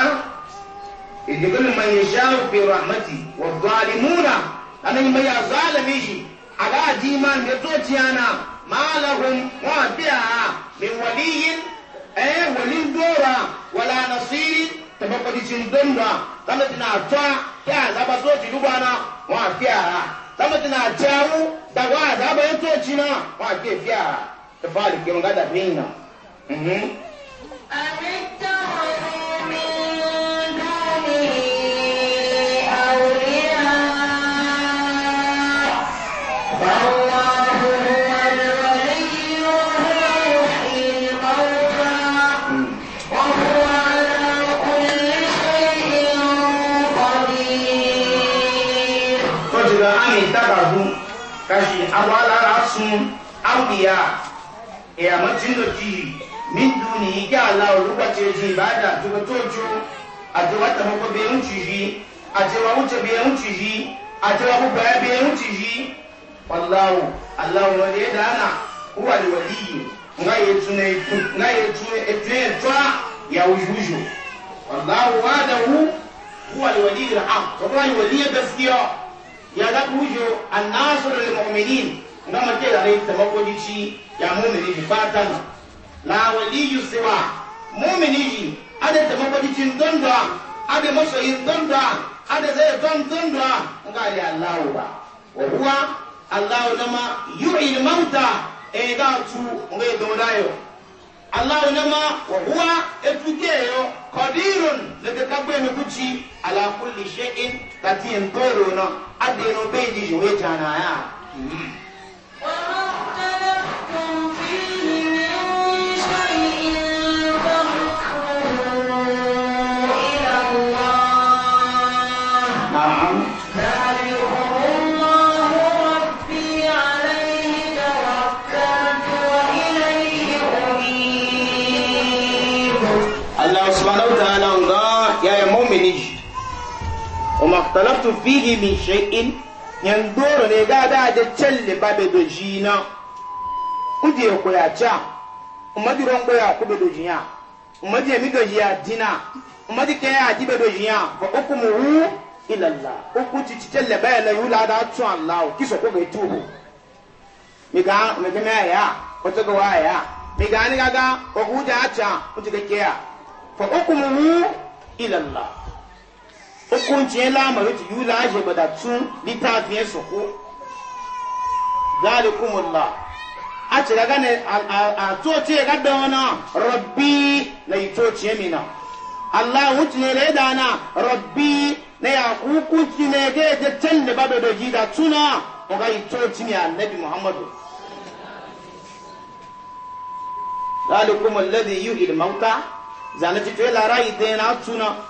idibul man yasha fi rahmati wa zalimuna anan mai zalimi shi aga jima me to tiana malahum wa bi'a min waliyin eh walin dora wala nasiri tabaqadi cin donda tamatina ta ya zaba so ti lubana wa bi'a tamatina jaru da wa zaba to cina wa ke bi'a tafali ke mhm àwọn alára sun áwùdíyà èèmọ̀ tí ń lò jì mí dùn ní ìjà àlà olùgbàtí èjì ìbáàdà àtúwọ́tòjú àtẹwà tàbọ̀kọ̀ bí ẹ̀hún ti yí àtẹwà oúnjẹ bí ẹ̀hún ti yí àtẹwà gbogbo ẹ̀ bí ẹ̀hún ti yí wàláwò aláwò wọn lè dáná wúwà lè wọlé yìí nga yẹ tu na etu nga yẹ tu etu yẹ tọ́ yàwó yúyù wàláwò yada kujo annasru lilmuminin ngama ke da rai tabako dici ya mumini ji fatan la waliyu siwa mumini ji ada tabako dici donda ada masoyin donda ada zai don ngali allah ba wa huwa allah nama yu'il mauta e ga tu ngai dodayo allah nama wa huwa etukeyo qadirun daga kagbe mi kuci ala kulli shay'in katiyan doro na adeno beji je weta na ya talaftu fihi min shay'in yan doro ne ga da da challe babe do jina kuje ko ya cha umadi ron ko ya ku do jinya umadi mi do jiya dina umadi ke ya di do jinya fa hukmuhu ila Allah hukmu ti challe ba la yula da tu Allah kiso ko ga tubu mi ga mi ga ya ko to ga wa ya mi ga ni ga ga ko ku ja cha ku ti ke ya fa hukmuhu ila Allah hukuncin lamarin ci yula ashe tun zalikumullah a ci daga ne a toci ya wana rabbi na yi toci ya mina allah wuce ne da ya dana rabbi na ya hukunci ne ga ya can da babu da ji da tuna o ga yi toci ne annabi muhammadu zalikumullah da yi ilmauta zanaci to ya lara yi yana tuna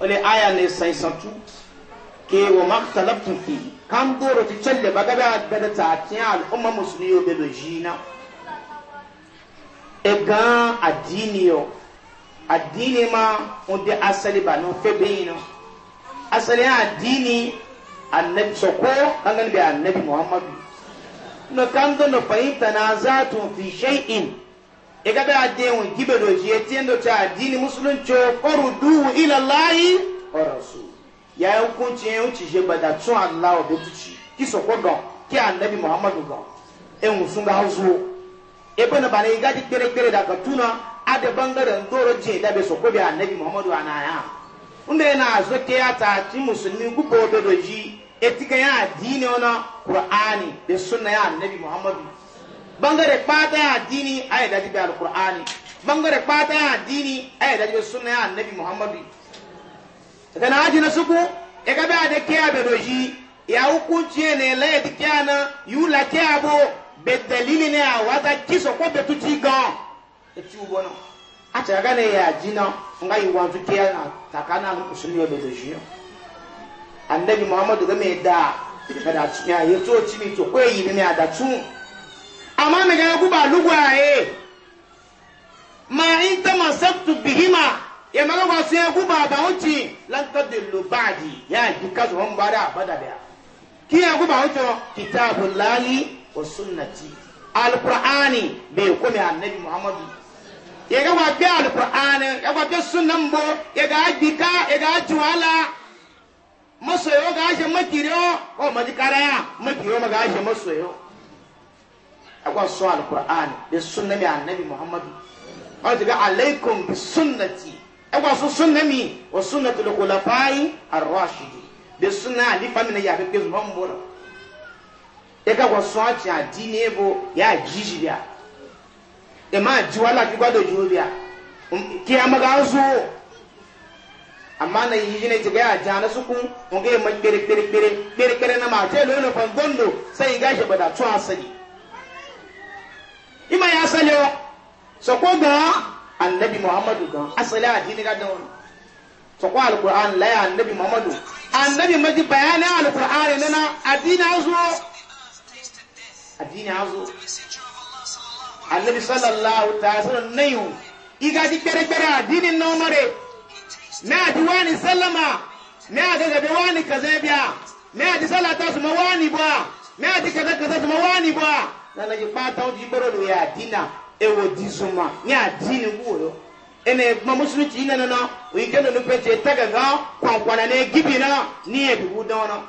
wale aya ne sai tu ke wa maktalabtum fi kan boro ti challe baga ba da ta tiya al'umma musulmi be be jina e ga addini yo addini ma onde asali ba no fe be no asali addini annabi soko kan be annabi muhammadu no kan do no fa in tanazatu fi shay'in ega da adewon gibe do je tendo ta addini musulunci koru du ila lahi wa rasul ya yi hukunci ya wuce je bada tun allah wa betuci ki so ko gan ki annabi muhammadu gan ehun sun ga hazo ebe na bana iga di kere kere daga tuna ade bangaren doro je da be bi annabi muhammadu anaya unda yana zo ke ya ta ti musulmi gubo do do etika ya addini ona qur'ani be sunna ya annabi muhammadu bangare kpata addini aya da jibe alqur'ani bangare kpata addini aya da jibe sunna ya annabi muhammadu kana ajina suku e ga ba de kiya be doji ya hukunci ne la ya na yu la kiya bo be dalili ne a wata kiso ko be tuti gan e ti ubo no acha ga ne ya jina nga yi wanzu kiya na na takana lu sunni be doji annabi muhammadu ga me da kada cikin ya to mi to ko yi ne a da tun amma na ga guba lugwaye ma in ta masabtu bihima ya mara ba su ya guba ba wuce lantar da lubadi ya ji kasu hon ba da abada da ki ya guba wuce kitabun lali wa sunnati alkur'ani bai kome annabi muhammadu ya ga ba bi alkur'ani ya ba sunan bo ya ga dika ya ga juwala masoyo ga shi makiriyo ko oh, majikaraya makiriyo ma ga shi masoyo Akwai sun alkur'ani da sunna mi annabi muhammadu wani tabi alaikum bi sunnati agon sun sunna mi wa sunnatu da kulafai arrashidi da sunna alifa mi na yafi pe zuwan bora e ka gwan sun ati adi ne ya jiji biya e ma ji wala ki gwado ju biya ki ya maga su amma na yi ne tiga ya jana su kun ngai ma kere kere kere kere kere na ma te lo na fangondo sai ga shi bada tuwa sani ima ya asali wa soko ga annabi muhammadu ga asali addini ga dawon soko alquran la ya annabi muhammadu annabi maji bayani alquran nana addini azu addini azu annabi sallallahu ta'ala sallam nayu iga di kere kere addini no mare adi adiwani sallama me adaga be wani kazabiya Ne adi sallata su mawani ba Ne adi kaza kaza su mawani ba nana yi kpata wo jiboro lo ya dina ewo dizuma ni adini wo yo ene ma musulu ti nana na o yi kendo nu pete taga ga kwankwana ne gibi na ni e bibu don na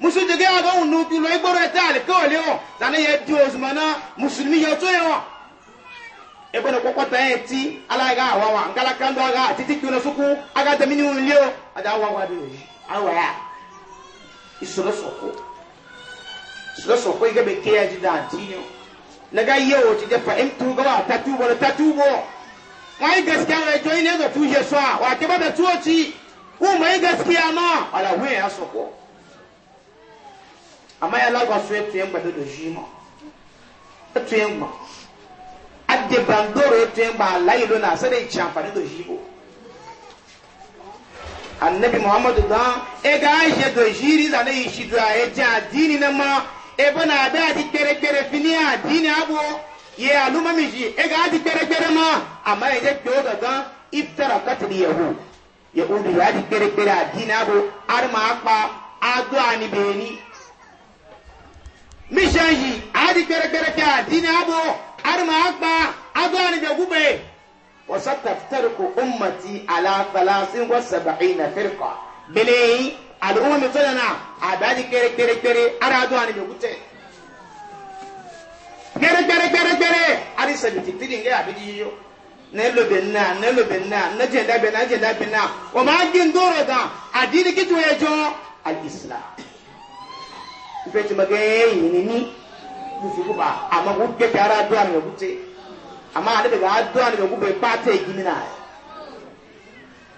musulu de ga ga unu bi lo igboro e ta le ko le o zana ye di ozuma na musulmi yo to ye wo ebe na kokko ta e ti ala ga wa wa ngala kan do ga titi ki na suku aga da mini un le o ada wa wa bi awa ya isoro soko so so ko ga bɛ ke ya ji da tinyo na ga o ti da fa in tu ga ba ta tu ba ta tu bo wai gaskiya ne to ne ga tu je a wa ke ba da tu ci ko mai gaskiya ma ala we ya so ko amma ya lagwa so tu yan ba do shi ma tu yan ma adde bandoro tu yan ba lai lo na sai da ci amfani da shi ko annabi muhammadu dan e ga aisha do jiri da ne yi shi do aje e addini na ma ebe na abịa adị kperekpere fini a dini abụ ye alumamiji ega adị kperekpere ma ama eje kpeo gaga iftara katiri yahu yahudu ya adị kperekpere a dini abụ arma akpa agụ ani beni mishanji adị kperekpere ke a dini abụ arma akpa agụ ani begube wasataftariku ummati ala thalasin wa sab'ina firqa bilayi al'ummi tsanana a daji kere kere kere ara zuwa ne mai wuce kere kere kere kere ari sabi titiri ngai abiji yiyo na ilo benna na ilo benna na jenda benna na jenda benna o ma gin doro da adini kitu ya jo al-islam ife ti maga yi ba amma ku ke ara zuwa ne mai wuce amma a daga zuwa ne mai wuce ba ta yi gini na ya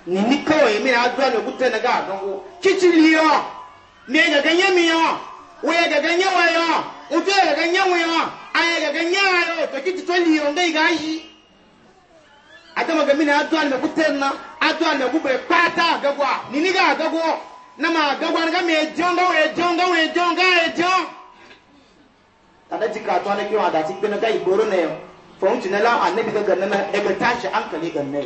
nini kawai mini addu'a ne gutta na ga dongo kici liyo me ga ganye mi yo we ga ganye wa yo ube ga ganye wa yo ay ga ganye wa yo to kici yi. liyo ngai adama ga mini addu'a ne gutta na addu'a ne gube pata ga gwa nini ga ga gwa na ma ga gwa ga me jonga we jonga we jonga e jon tada jika to ne kiwa da ti gbe na ga igboro ne fo unti na la annabi ga ganna na e ga tashi hankali ganna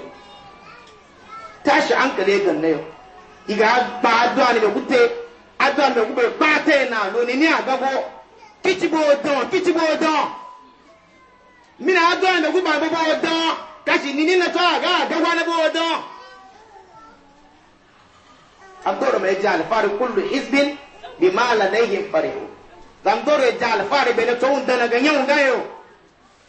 tashi hankali ga na yau iga ba addu'a ne ga gute addu'a ne gube ba ta na noni ni a gabo kici bo don kici bo don mina addu'a ne gube ba bo don kashi ni ni na to aga gagwa na bo don abdoro mai jali fari kullu hizbin bi ma ladaihim farihu zandoro ya jali fari bele to unda na ganyen gayo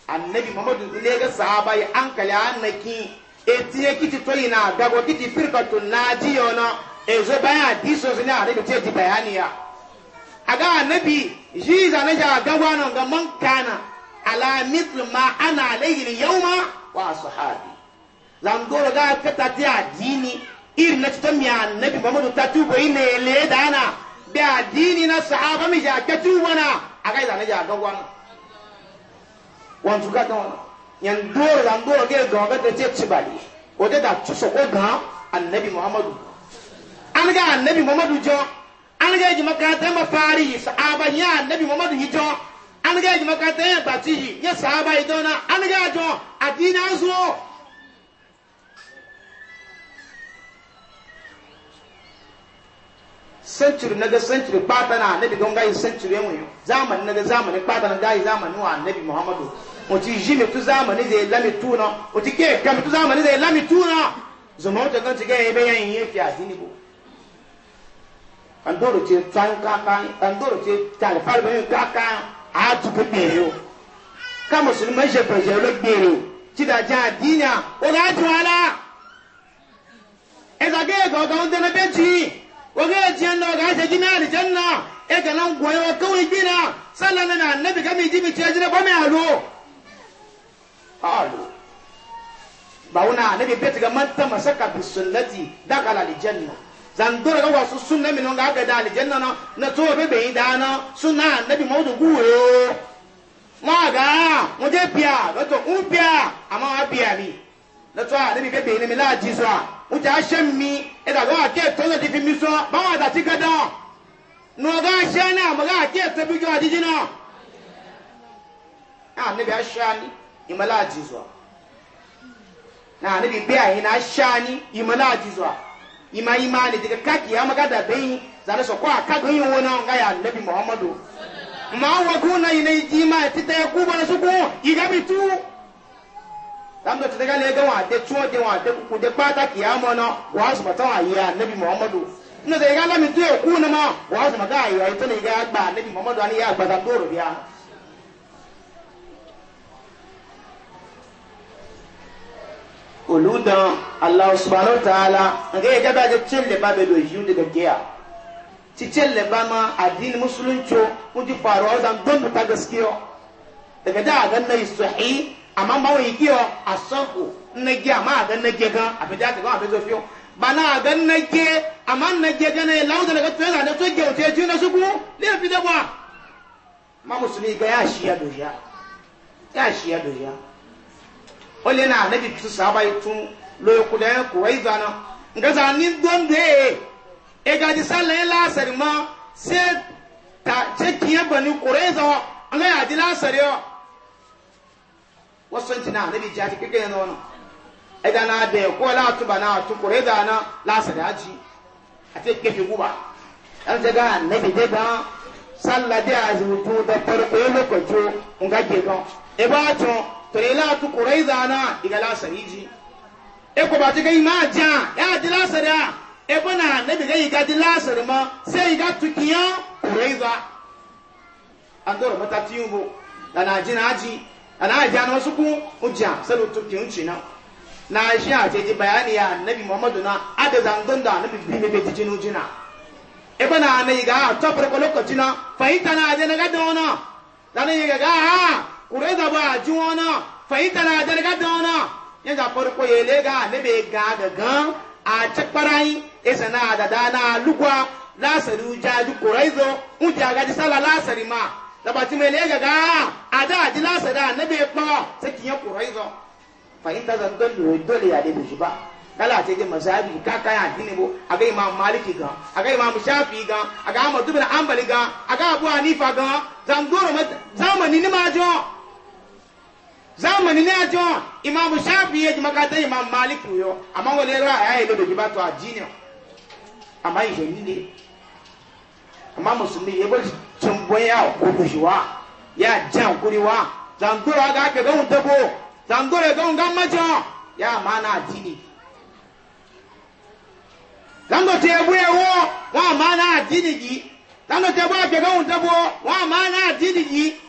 annabi muhammadu ne ga sahaba ya ankali annaki etinye kiti toyi na dago kiti firkatu naji yono ezo baya diso zini a rabi teji bayaniya aga annabi jiza na ja gawano ga man ala mithlu ma ana alayhi yawma wa sahabi langoro ga kata ti adini iri na tuta mi annabi muhammadu ta tubo ine le dana bi adini na sahaba mi ja katu wana aga iza na ja gawano wantu ga gawano yan doro yan doro ge ga ga da ce bali o oh, da da tuso ko ga annabi muhammadu an ga annabi jo an ga ji ma fari sahaba ya annabi muhammadu hijo an ga ji makata ya ya sahaba idona an ga jo adina zo century na century kpata na annabi gonga century yanwu zamanin na ga zamanin kpata na ga yi zamanin wa annabi muhammadu oti jimi tu zamani zai lami tuna oti ke kami tu zamani zai lami tuna zuma wata kan cike ebe yan yin fi asini bo andoro ce tan kaka andoro ce tan falbe kaka a tu ko gbero ka musulman je peje lo gbero ti da ja dinya o la ju ala eza ge go go de na beji o ge je no ga se jina ri janna e ga nan goyo kawai gina sallan na annabi kami jibi ce jira ba mai alo قالوا باونا نبي بيت من تمسك بالسنة دخل الجنة zandora ga wasu sunna min ga ga dali janna no na to be be dana sunna nabi mawdu guwe ma ga mo je pia ga to un pia ama wa pia mi na to nabi be be ni mi la ji so mu ja shem mi e da ga ke to di fi mi so ba wa da ti ga da no ga shana imala jizwa na ni bi ayi na shani imala jizwa ima imani diga kaki ya magada bai zane so kwa kaki yi wona ga ya nabi muhammadu ma wa kuna ina jima tita ya kuba na suku iga bi tu tamdo da ga le ga wa de tuo de wa de ku de pata ki ya mo no wa su bata wa ya nabi muhammadu ina de ga la mi tu ya kuna ma wa su ma ga ya ita ne ga gba nabi muhammadu ani ya gba da doro biya oludan allahu subhanahu wa ta'ala nga ya gaba ga celle ba be do yiu daga giya ci celle ba ma addini musulunci ta gaskiyo daga da ga sahi amma ba wai na ga na ga ga ga na amma na ga ne daga to da to ji na su ku le fi da ba ma ga ya shi ya do ya ya shi ya do ya wale na anabi tu sahaba tun loyo kuda kuraiza na nga za ni dondo e e ga di sala ila sari ma se ta se kiya bani kuraiza wa anga ya di la sari wa wasan tina anabi jati kike no no e ga na de ko la tu ba na tu kuraiza na la sari aji ate kefe guba an se ga anabi de ga sala de azu tu da farko lokaci nga ke don e ba to ila tu na iga la sariji e ko ba ti ga ma ya di e bona ne bi ga di la ma sai iga tu kiya quraiza angoro mata ti yugo da na ji na ji ana na wasu ku uja sai tu ki unci na na shi a ce ji bayani ya annabi muhammadu na ada zangon da annabi bi e ne be jina e na na ga ha kure da ba ji wona fahimta na darga da wona ya da farko ya lega ne be ga ga gan a cakparai esa na da da na lugwa lasari uja ju kuraizo uja ga ji sala lasari ma da ba ti me lega ga ada ji lasari ne be pa sakin ya kuraizo fahimta zan dole dole ya de shi ba kala ce je mazabi ka ka ya dini bo aga imam maliki ga aga imam shafi ga aga amadu ibn ambali ga aga abu hanifa ga zan doro zamani ni ma jo zamani ne ajo imamu shafi ye jima kata imam malik yo ama wale ra ya ile do jiba to ajini ama ijo ni ne ama musulmi ye bo tumbo ya ko ko shiwa ya jan kuri wa zandura ga ke ga unta bo zandura ga majo ya mana ajini zango te bu ye wa mana ajini gi zango te bu ga unta bo wa mana ajini gi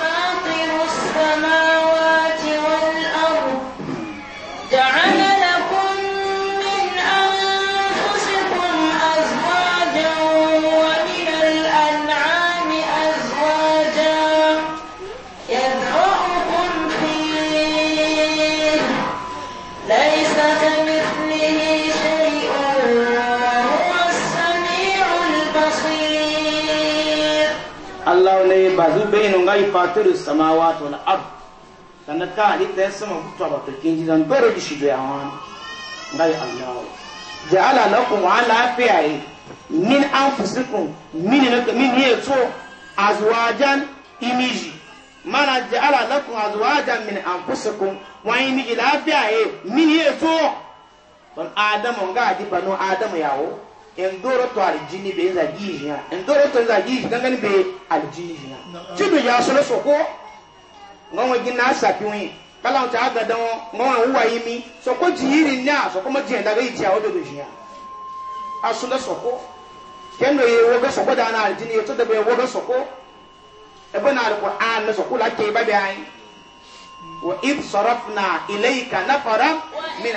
فاطر السماوات والأرض جعل bayinu ngai fatiru samawati wal ard sannan ka halitta ya sama kuta ba turkin ji zan bare da shi da yawa ngai allah ja'ala lakum ala fiyaye min anfusikum min na min ne so azwajan imiji mana ja'ala lakum azwajan min anfusikum wa imiji lafiyaye min ne so don adamu ga ji banu adamu yawo endoro to alijini be za gijiya endoro to za gijiya gangan be aljijiya tinu ya solo soko ngonwa gina sapi wi kala ta aga dan ngonwa uwa yimi soko jiri nya soko ma jenda ga itiya odo do jiya asunda soko kendo ye woga soko da na aljini ye to da woga soko e bana alquran na soko la ke ba be ai wa id sarafna ilayka nafara min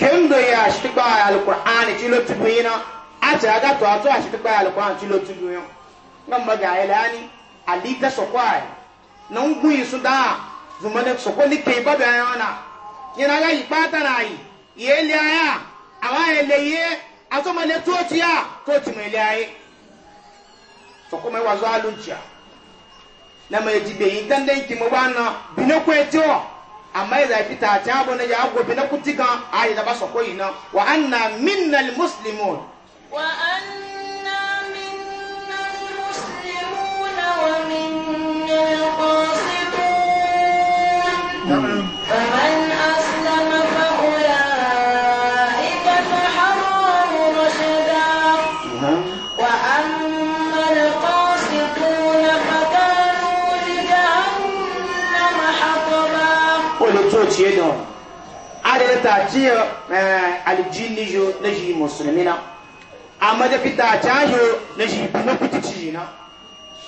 kendo ya shitikpa ya alqur'ani ti lo tubu yina ati aga to ato ashitikpa ya alqur'ani ti lo tubu yina ngamba ga elani alita sokwai na ngun yi suda zumane sokwa ni ke ba da yana yana ga yi pata na yi ye le aya awa ele ye ato male to ti ya to ti mele aye sokwa me wazo aluncha na me jibe yi tande ki mo ba na binokwe ti o amma idza fita tabo na ya gobe na a yi da baso yi na wa na minnal muslimun wa anna minnal muslimun wa minnal qasitun faman 做一天的，还得打钱，那老金尼就那几毛钱，没有。啊，没得比打钱就那几毛比得钱，没有。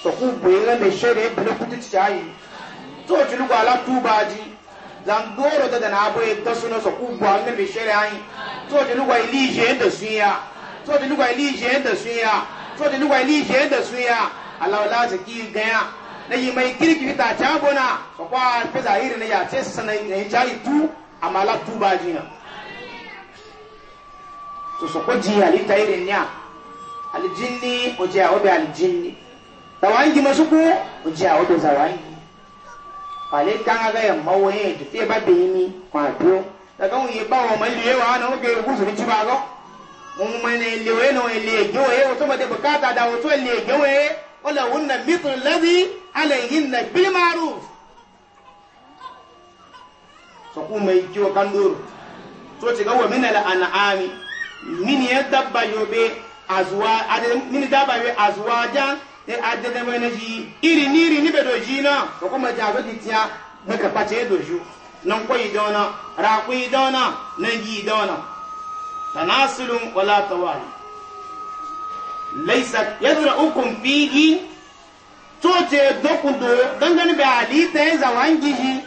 所以，我每个月没事儿就不用出去找钱。昨天路过阿拉土巴吉，咱狗罗德那阿婆又告诉我说，我不管那边谁来。昨天路过李先德村呀，昨天路过李先德村呀，昨天路过李先德村呀，阿拉阿拉是几多呀？na yi mai kirki fita ta gona so kwa ta zahiri na ya ce na ya jari tu amma la tu ba jina to ji ali ta irin ya aljinni o je awobe aljinni zawangi masu ko o je awobe zawangi pale kanga ga ya mawo he to ba be ni kwa to daga un ye ba wa mai le wa na o ge ku ci ba go mun mai ne le yi no le ge o e o to ma de bukata da o to le ge o ولهن مثل الذي عليهن بالمعروف sọkú mai kiwo kan doro so ci gawa min ala an'ami min ya dabba yobe azuwa ade min dabba yobe azuwa ja e ade de wena ji iri ni be do ji na so ko ma ja go di tiya na ka pace do ju yi yi laisa yadda ukun fihi coce dokundo dangane bai halitta ya zawan gishi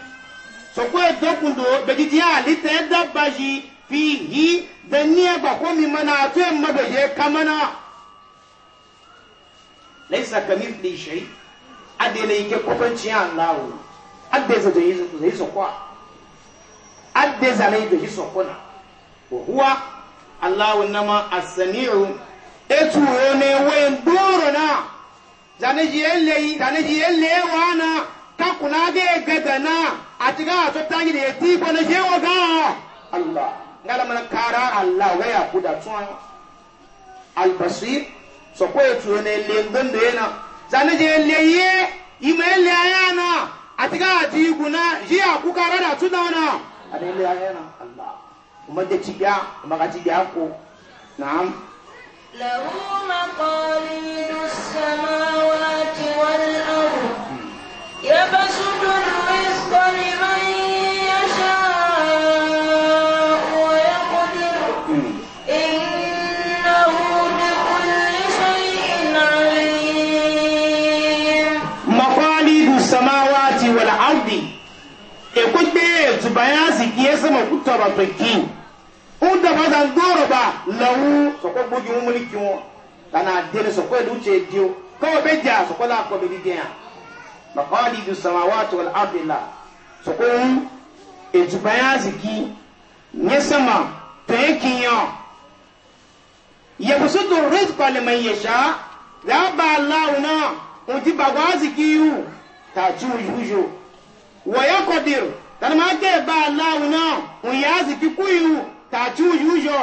so kuwa dokundo bai jiji ya halitta ya dabba shi fihi da niya ba komi mana to yin magaje kamana laisa kamif da shai adela yake kwakwanci ya allahu adeza da yi sokwa adeza na yi da yi sokuna wa huwa allahu nama asami'u etu wo ne we ndoro na zaneji ji ele zane ji ele wa na ka kuna ge gada na atiga to tangi de ti ko ne je wo ala Allah ngala mana kara ala ga ya kuda tun al etu so ko etu ne le ndondo na zaneji ele ye ime ele aya na atiga ti guna ji akukara da tun na adele na Allah له مقاليد السماوات والأرض يبسط الرزق لمن يشاء ويقدر إنه بكل شيء عليم مقاليد السماوات والأرض ekutbe tubayazi kiyesema kutabatokiu da mazan doro ba lawu soko gbogi mu mulki kana dele soko lu che dio ko be ja soko la ko be di dia maqalidu samawati wal ardi la soko un e ziki nye sama to yake yo yabusudu rizqa liman yasha la ba allah na un ti ba waziki yu ta ju yujo wa yaqdir tan ma ke ba allah na un yaziki kuyu tààtú yúyọ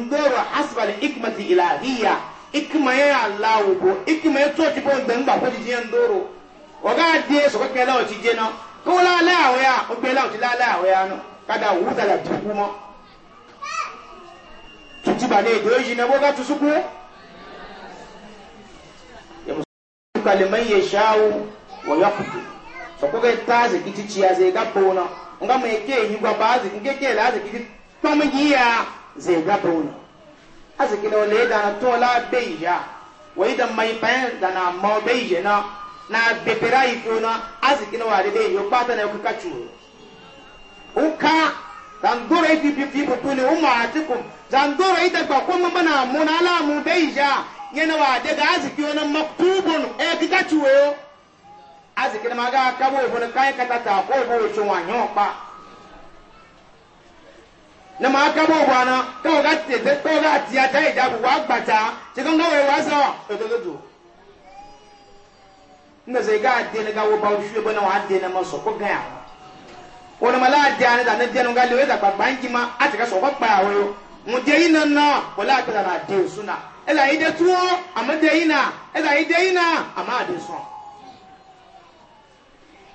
ngbèrò asibali ikimati ilahiya ikimaye aláwòbó ikimaye tó ti bọ́ gbẹ̀ngbà kó ti jẹ́ ndóró ọ̀gá dé sọ̀kọ́kẹ́ náà ti jẹ́ náà kó wọ́n lálẹ́ àwẹ̀ yá ó gbé láwùjọ lálẹ́ àwẹ̀ yá nù kádà wù dàlà dùkú mọ́ tuntun balẹ̀ èdè yìí náà wọ́n ká tu sukú. yẹmusu kalimai yẹ ṣáwó tá a zèkìtì tsi a zèkà kpó nga mọ̀ ẹ̀ kéèyí gbà bá a zèkìtì kéèyí lẹ́ a zèkìtì. tɔmigiya zai ga bauna a ziki na wale da na tola bai ya wai da mai bayan da na ma bai ya na na bepera yi ko na a ziki na wale bai ya kwata na kuka curo uka zandura yi fi fi butuli umma a cikin zandura yi da ba kuma mana muna alamu bai ya yana wa daga a ziki wani maktubun e kuka curo a ziki na maga kabo ibu na ta katata ko ibu wacin wanyan kwa na ma ka bo bwa na ka ga te te ko ga ti ya tai e ja wa gba ta ti kan ga we wa so to to to na zai ga de na ga wo ba u shi e bo na wa de na ma so ko ga ya wona ma la de ana da na de no ga le we da pa pa nji ma ati ka so ko pa wa yo mu de yin na na ko la ka na de su na e la ide tuo ama de yin na e la ide yin na ama de so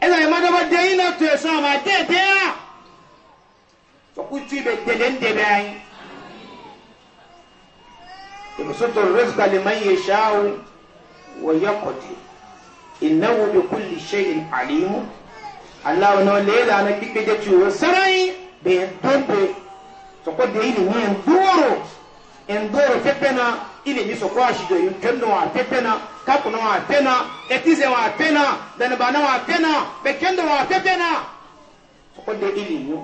e la ma da ba de na to e so ama de de ya sokutu bɛ dɛmɛ dɛmɛ an ye imusoto rizqa liman yasha'u wa yaqdi innahu bi kulli shay'in alim allah no lela na kike je ci wo sarai be dobe to ko de ni ni ndoro ndoro pepena ile ni soko kwashi do yutendo wa kapu kakuno wa pena etize wa pena danabana wa pena bekendo wa pepena to ko de ile ni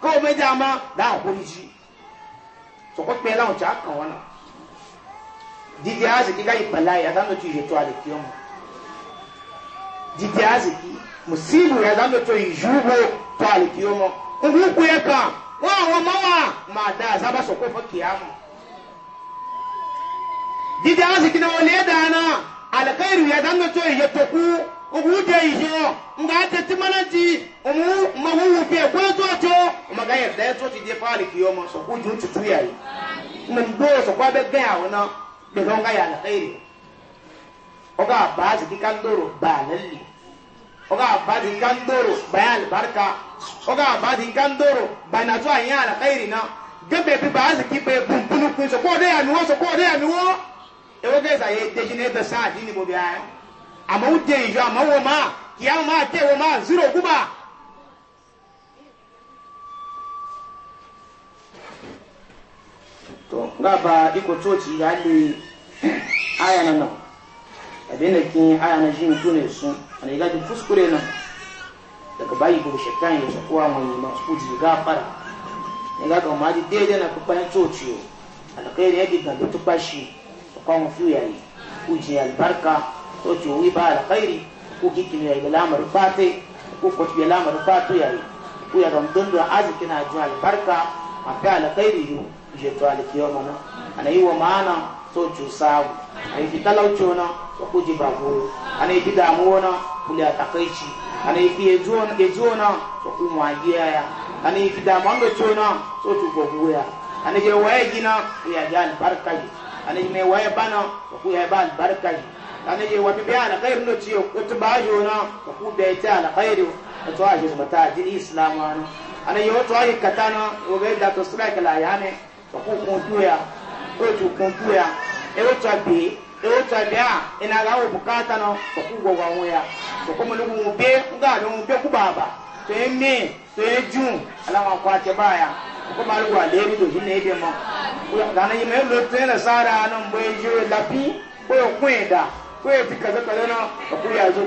kó o méjì àmà dáa àkórí jì sọkọ pẹ́ láwọn tí a kàn wọn náà dídí azìkí ká ìpàlà ìyàdánù tó ìyètò àdìkí ọmọ dídí azìkí mùsílù ìyàdánù tó ìyúwò tó àdìkí ọmọ òun kú yẹ kàn wọn àwọn ọmọ wa máa dá àzábà sọkọ fún kìámù dídí azìkí náà wọlé dáná àlẹkẹ́ ìrù ìyàdánù tó ìyètò kú. ugude ijo nga ate timanati umu mahuhu fe kwezo cho umaga ya da yato ti de fali kiyoma so kuju tutu ya yi na mbo so kwa be ga wana be don ga ya na khairi oga bazi ki kandoro balalli oga bazi kandoro bayal barka oga bazi kandoro bana to anya na khairi na gabe bi bazi ki be bumpunu kun so ko de ya nuwo so ko de ya nuwo ewo ga za ye de jine da sa dini bo bi ayo àmọ́ ó dé ìjọ àmọ́ wọ máa kí á máa dé wọ máa zero kuma to nga ba iko coci ya le aya na nan abin da ke aya na shi mutu ne sun wani ya gaji fuskure nan daga bayi ko shakkan ya sakuwa mai masu kuji gafara ne ga kama ji daidai na kufayen coci alkhairi ya diga da tufashi su kwan fiye yayi kuji albarka so ci wi ba alkhairi ko kiki ya yi lamar fate ku ko ci lamar fatu ya yi ko ya ramdun da aziki na ji albarka a fi alkhairi yu, je to alkiyar mana ana yi wa ma'ana so ci sabu. a yi fi talauci wana ku ko ji ba ana yi fi damuwa na kuli a takaici ana yi fi ejuwa na ku ko magiya ya ana yi fi damuwa ga ciwo na so ci gwagwo ya ana je waye gina ku ya ji albarka yi ana yi mai waye bana ku ya ba albarka yi ana yi wa bibi ala khairu no ciyo ko ba jo na k'a ku be ta ala khairu to a jin mata din islam ana ana yi to ayi katana o ga da to strike la ya ne ko ku ku tu ya ko tu ku tu ya e o ta bi e o ta da ina ga o bukata no k'a ku go wa ya ko ko mu lu be ga do mu be ku baba to e to e jun ala ma kwa te ya, ko ma lu wa le bi do hi ne de mo dana yi me lo tena sara anan boye jo lapi boye kwenda ko ya zaka kaza kaza na ka kuya zo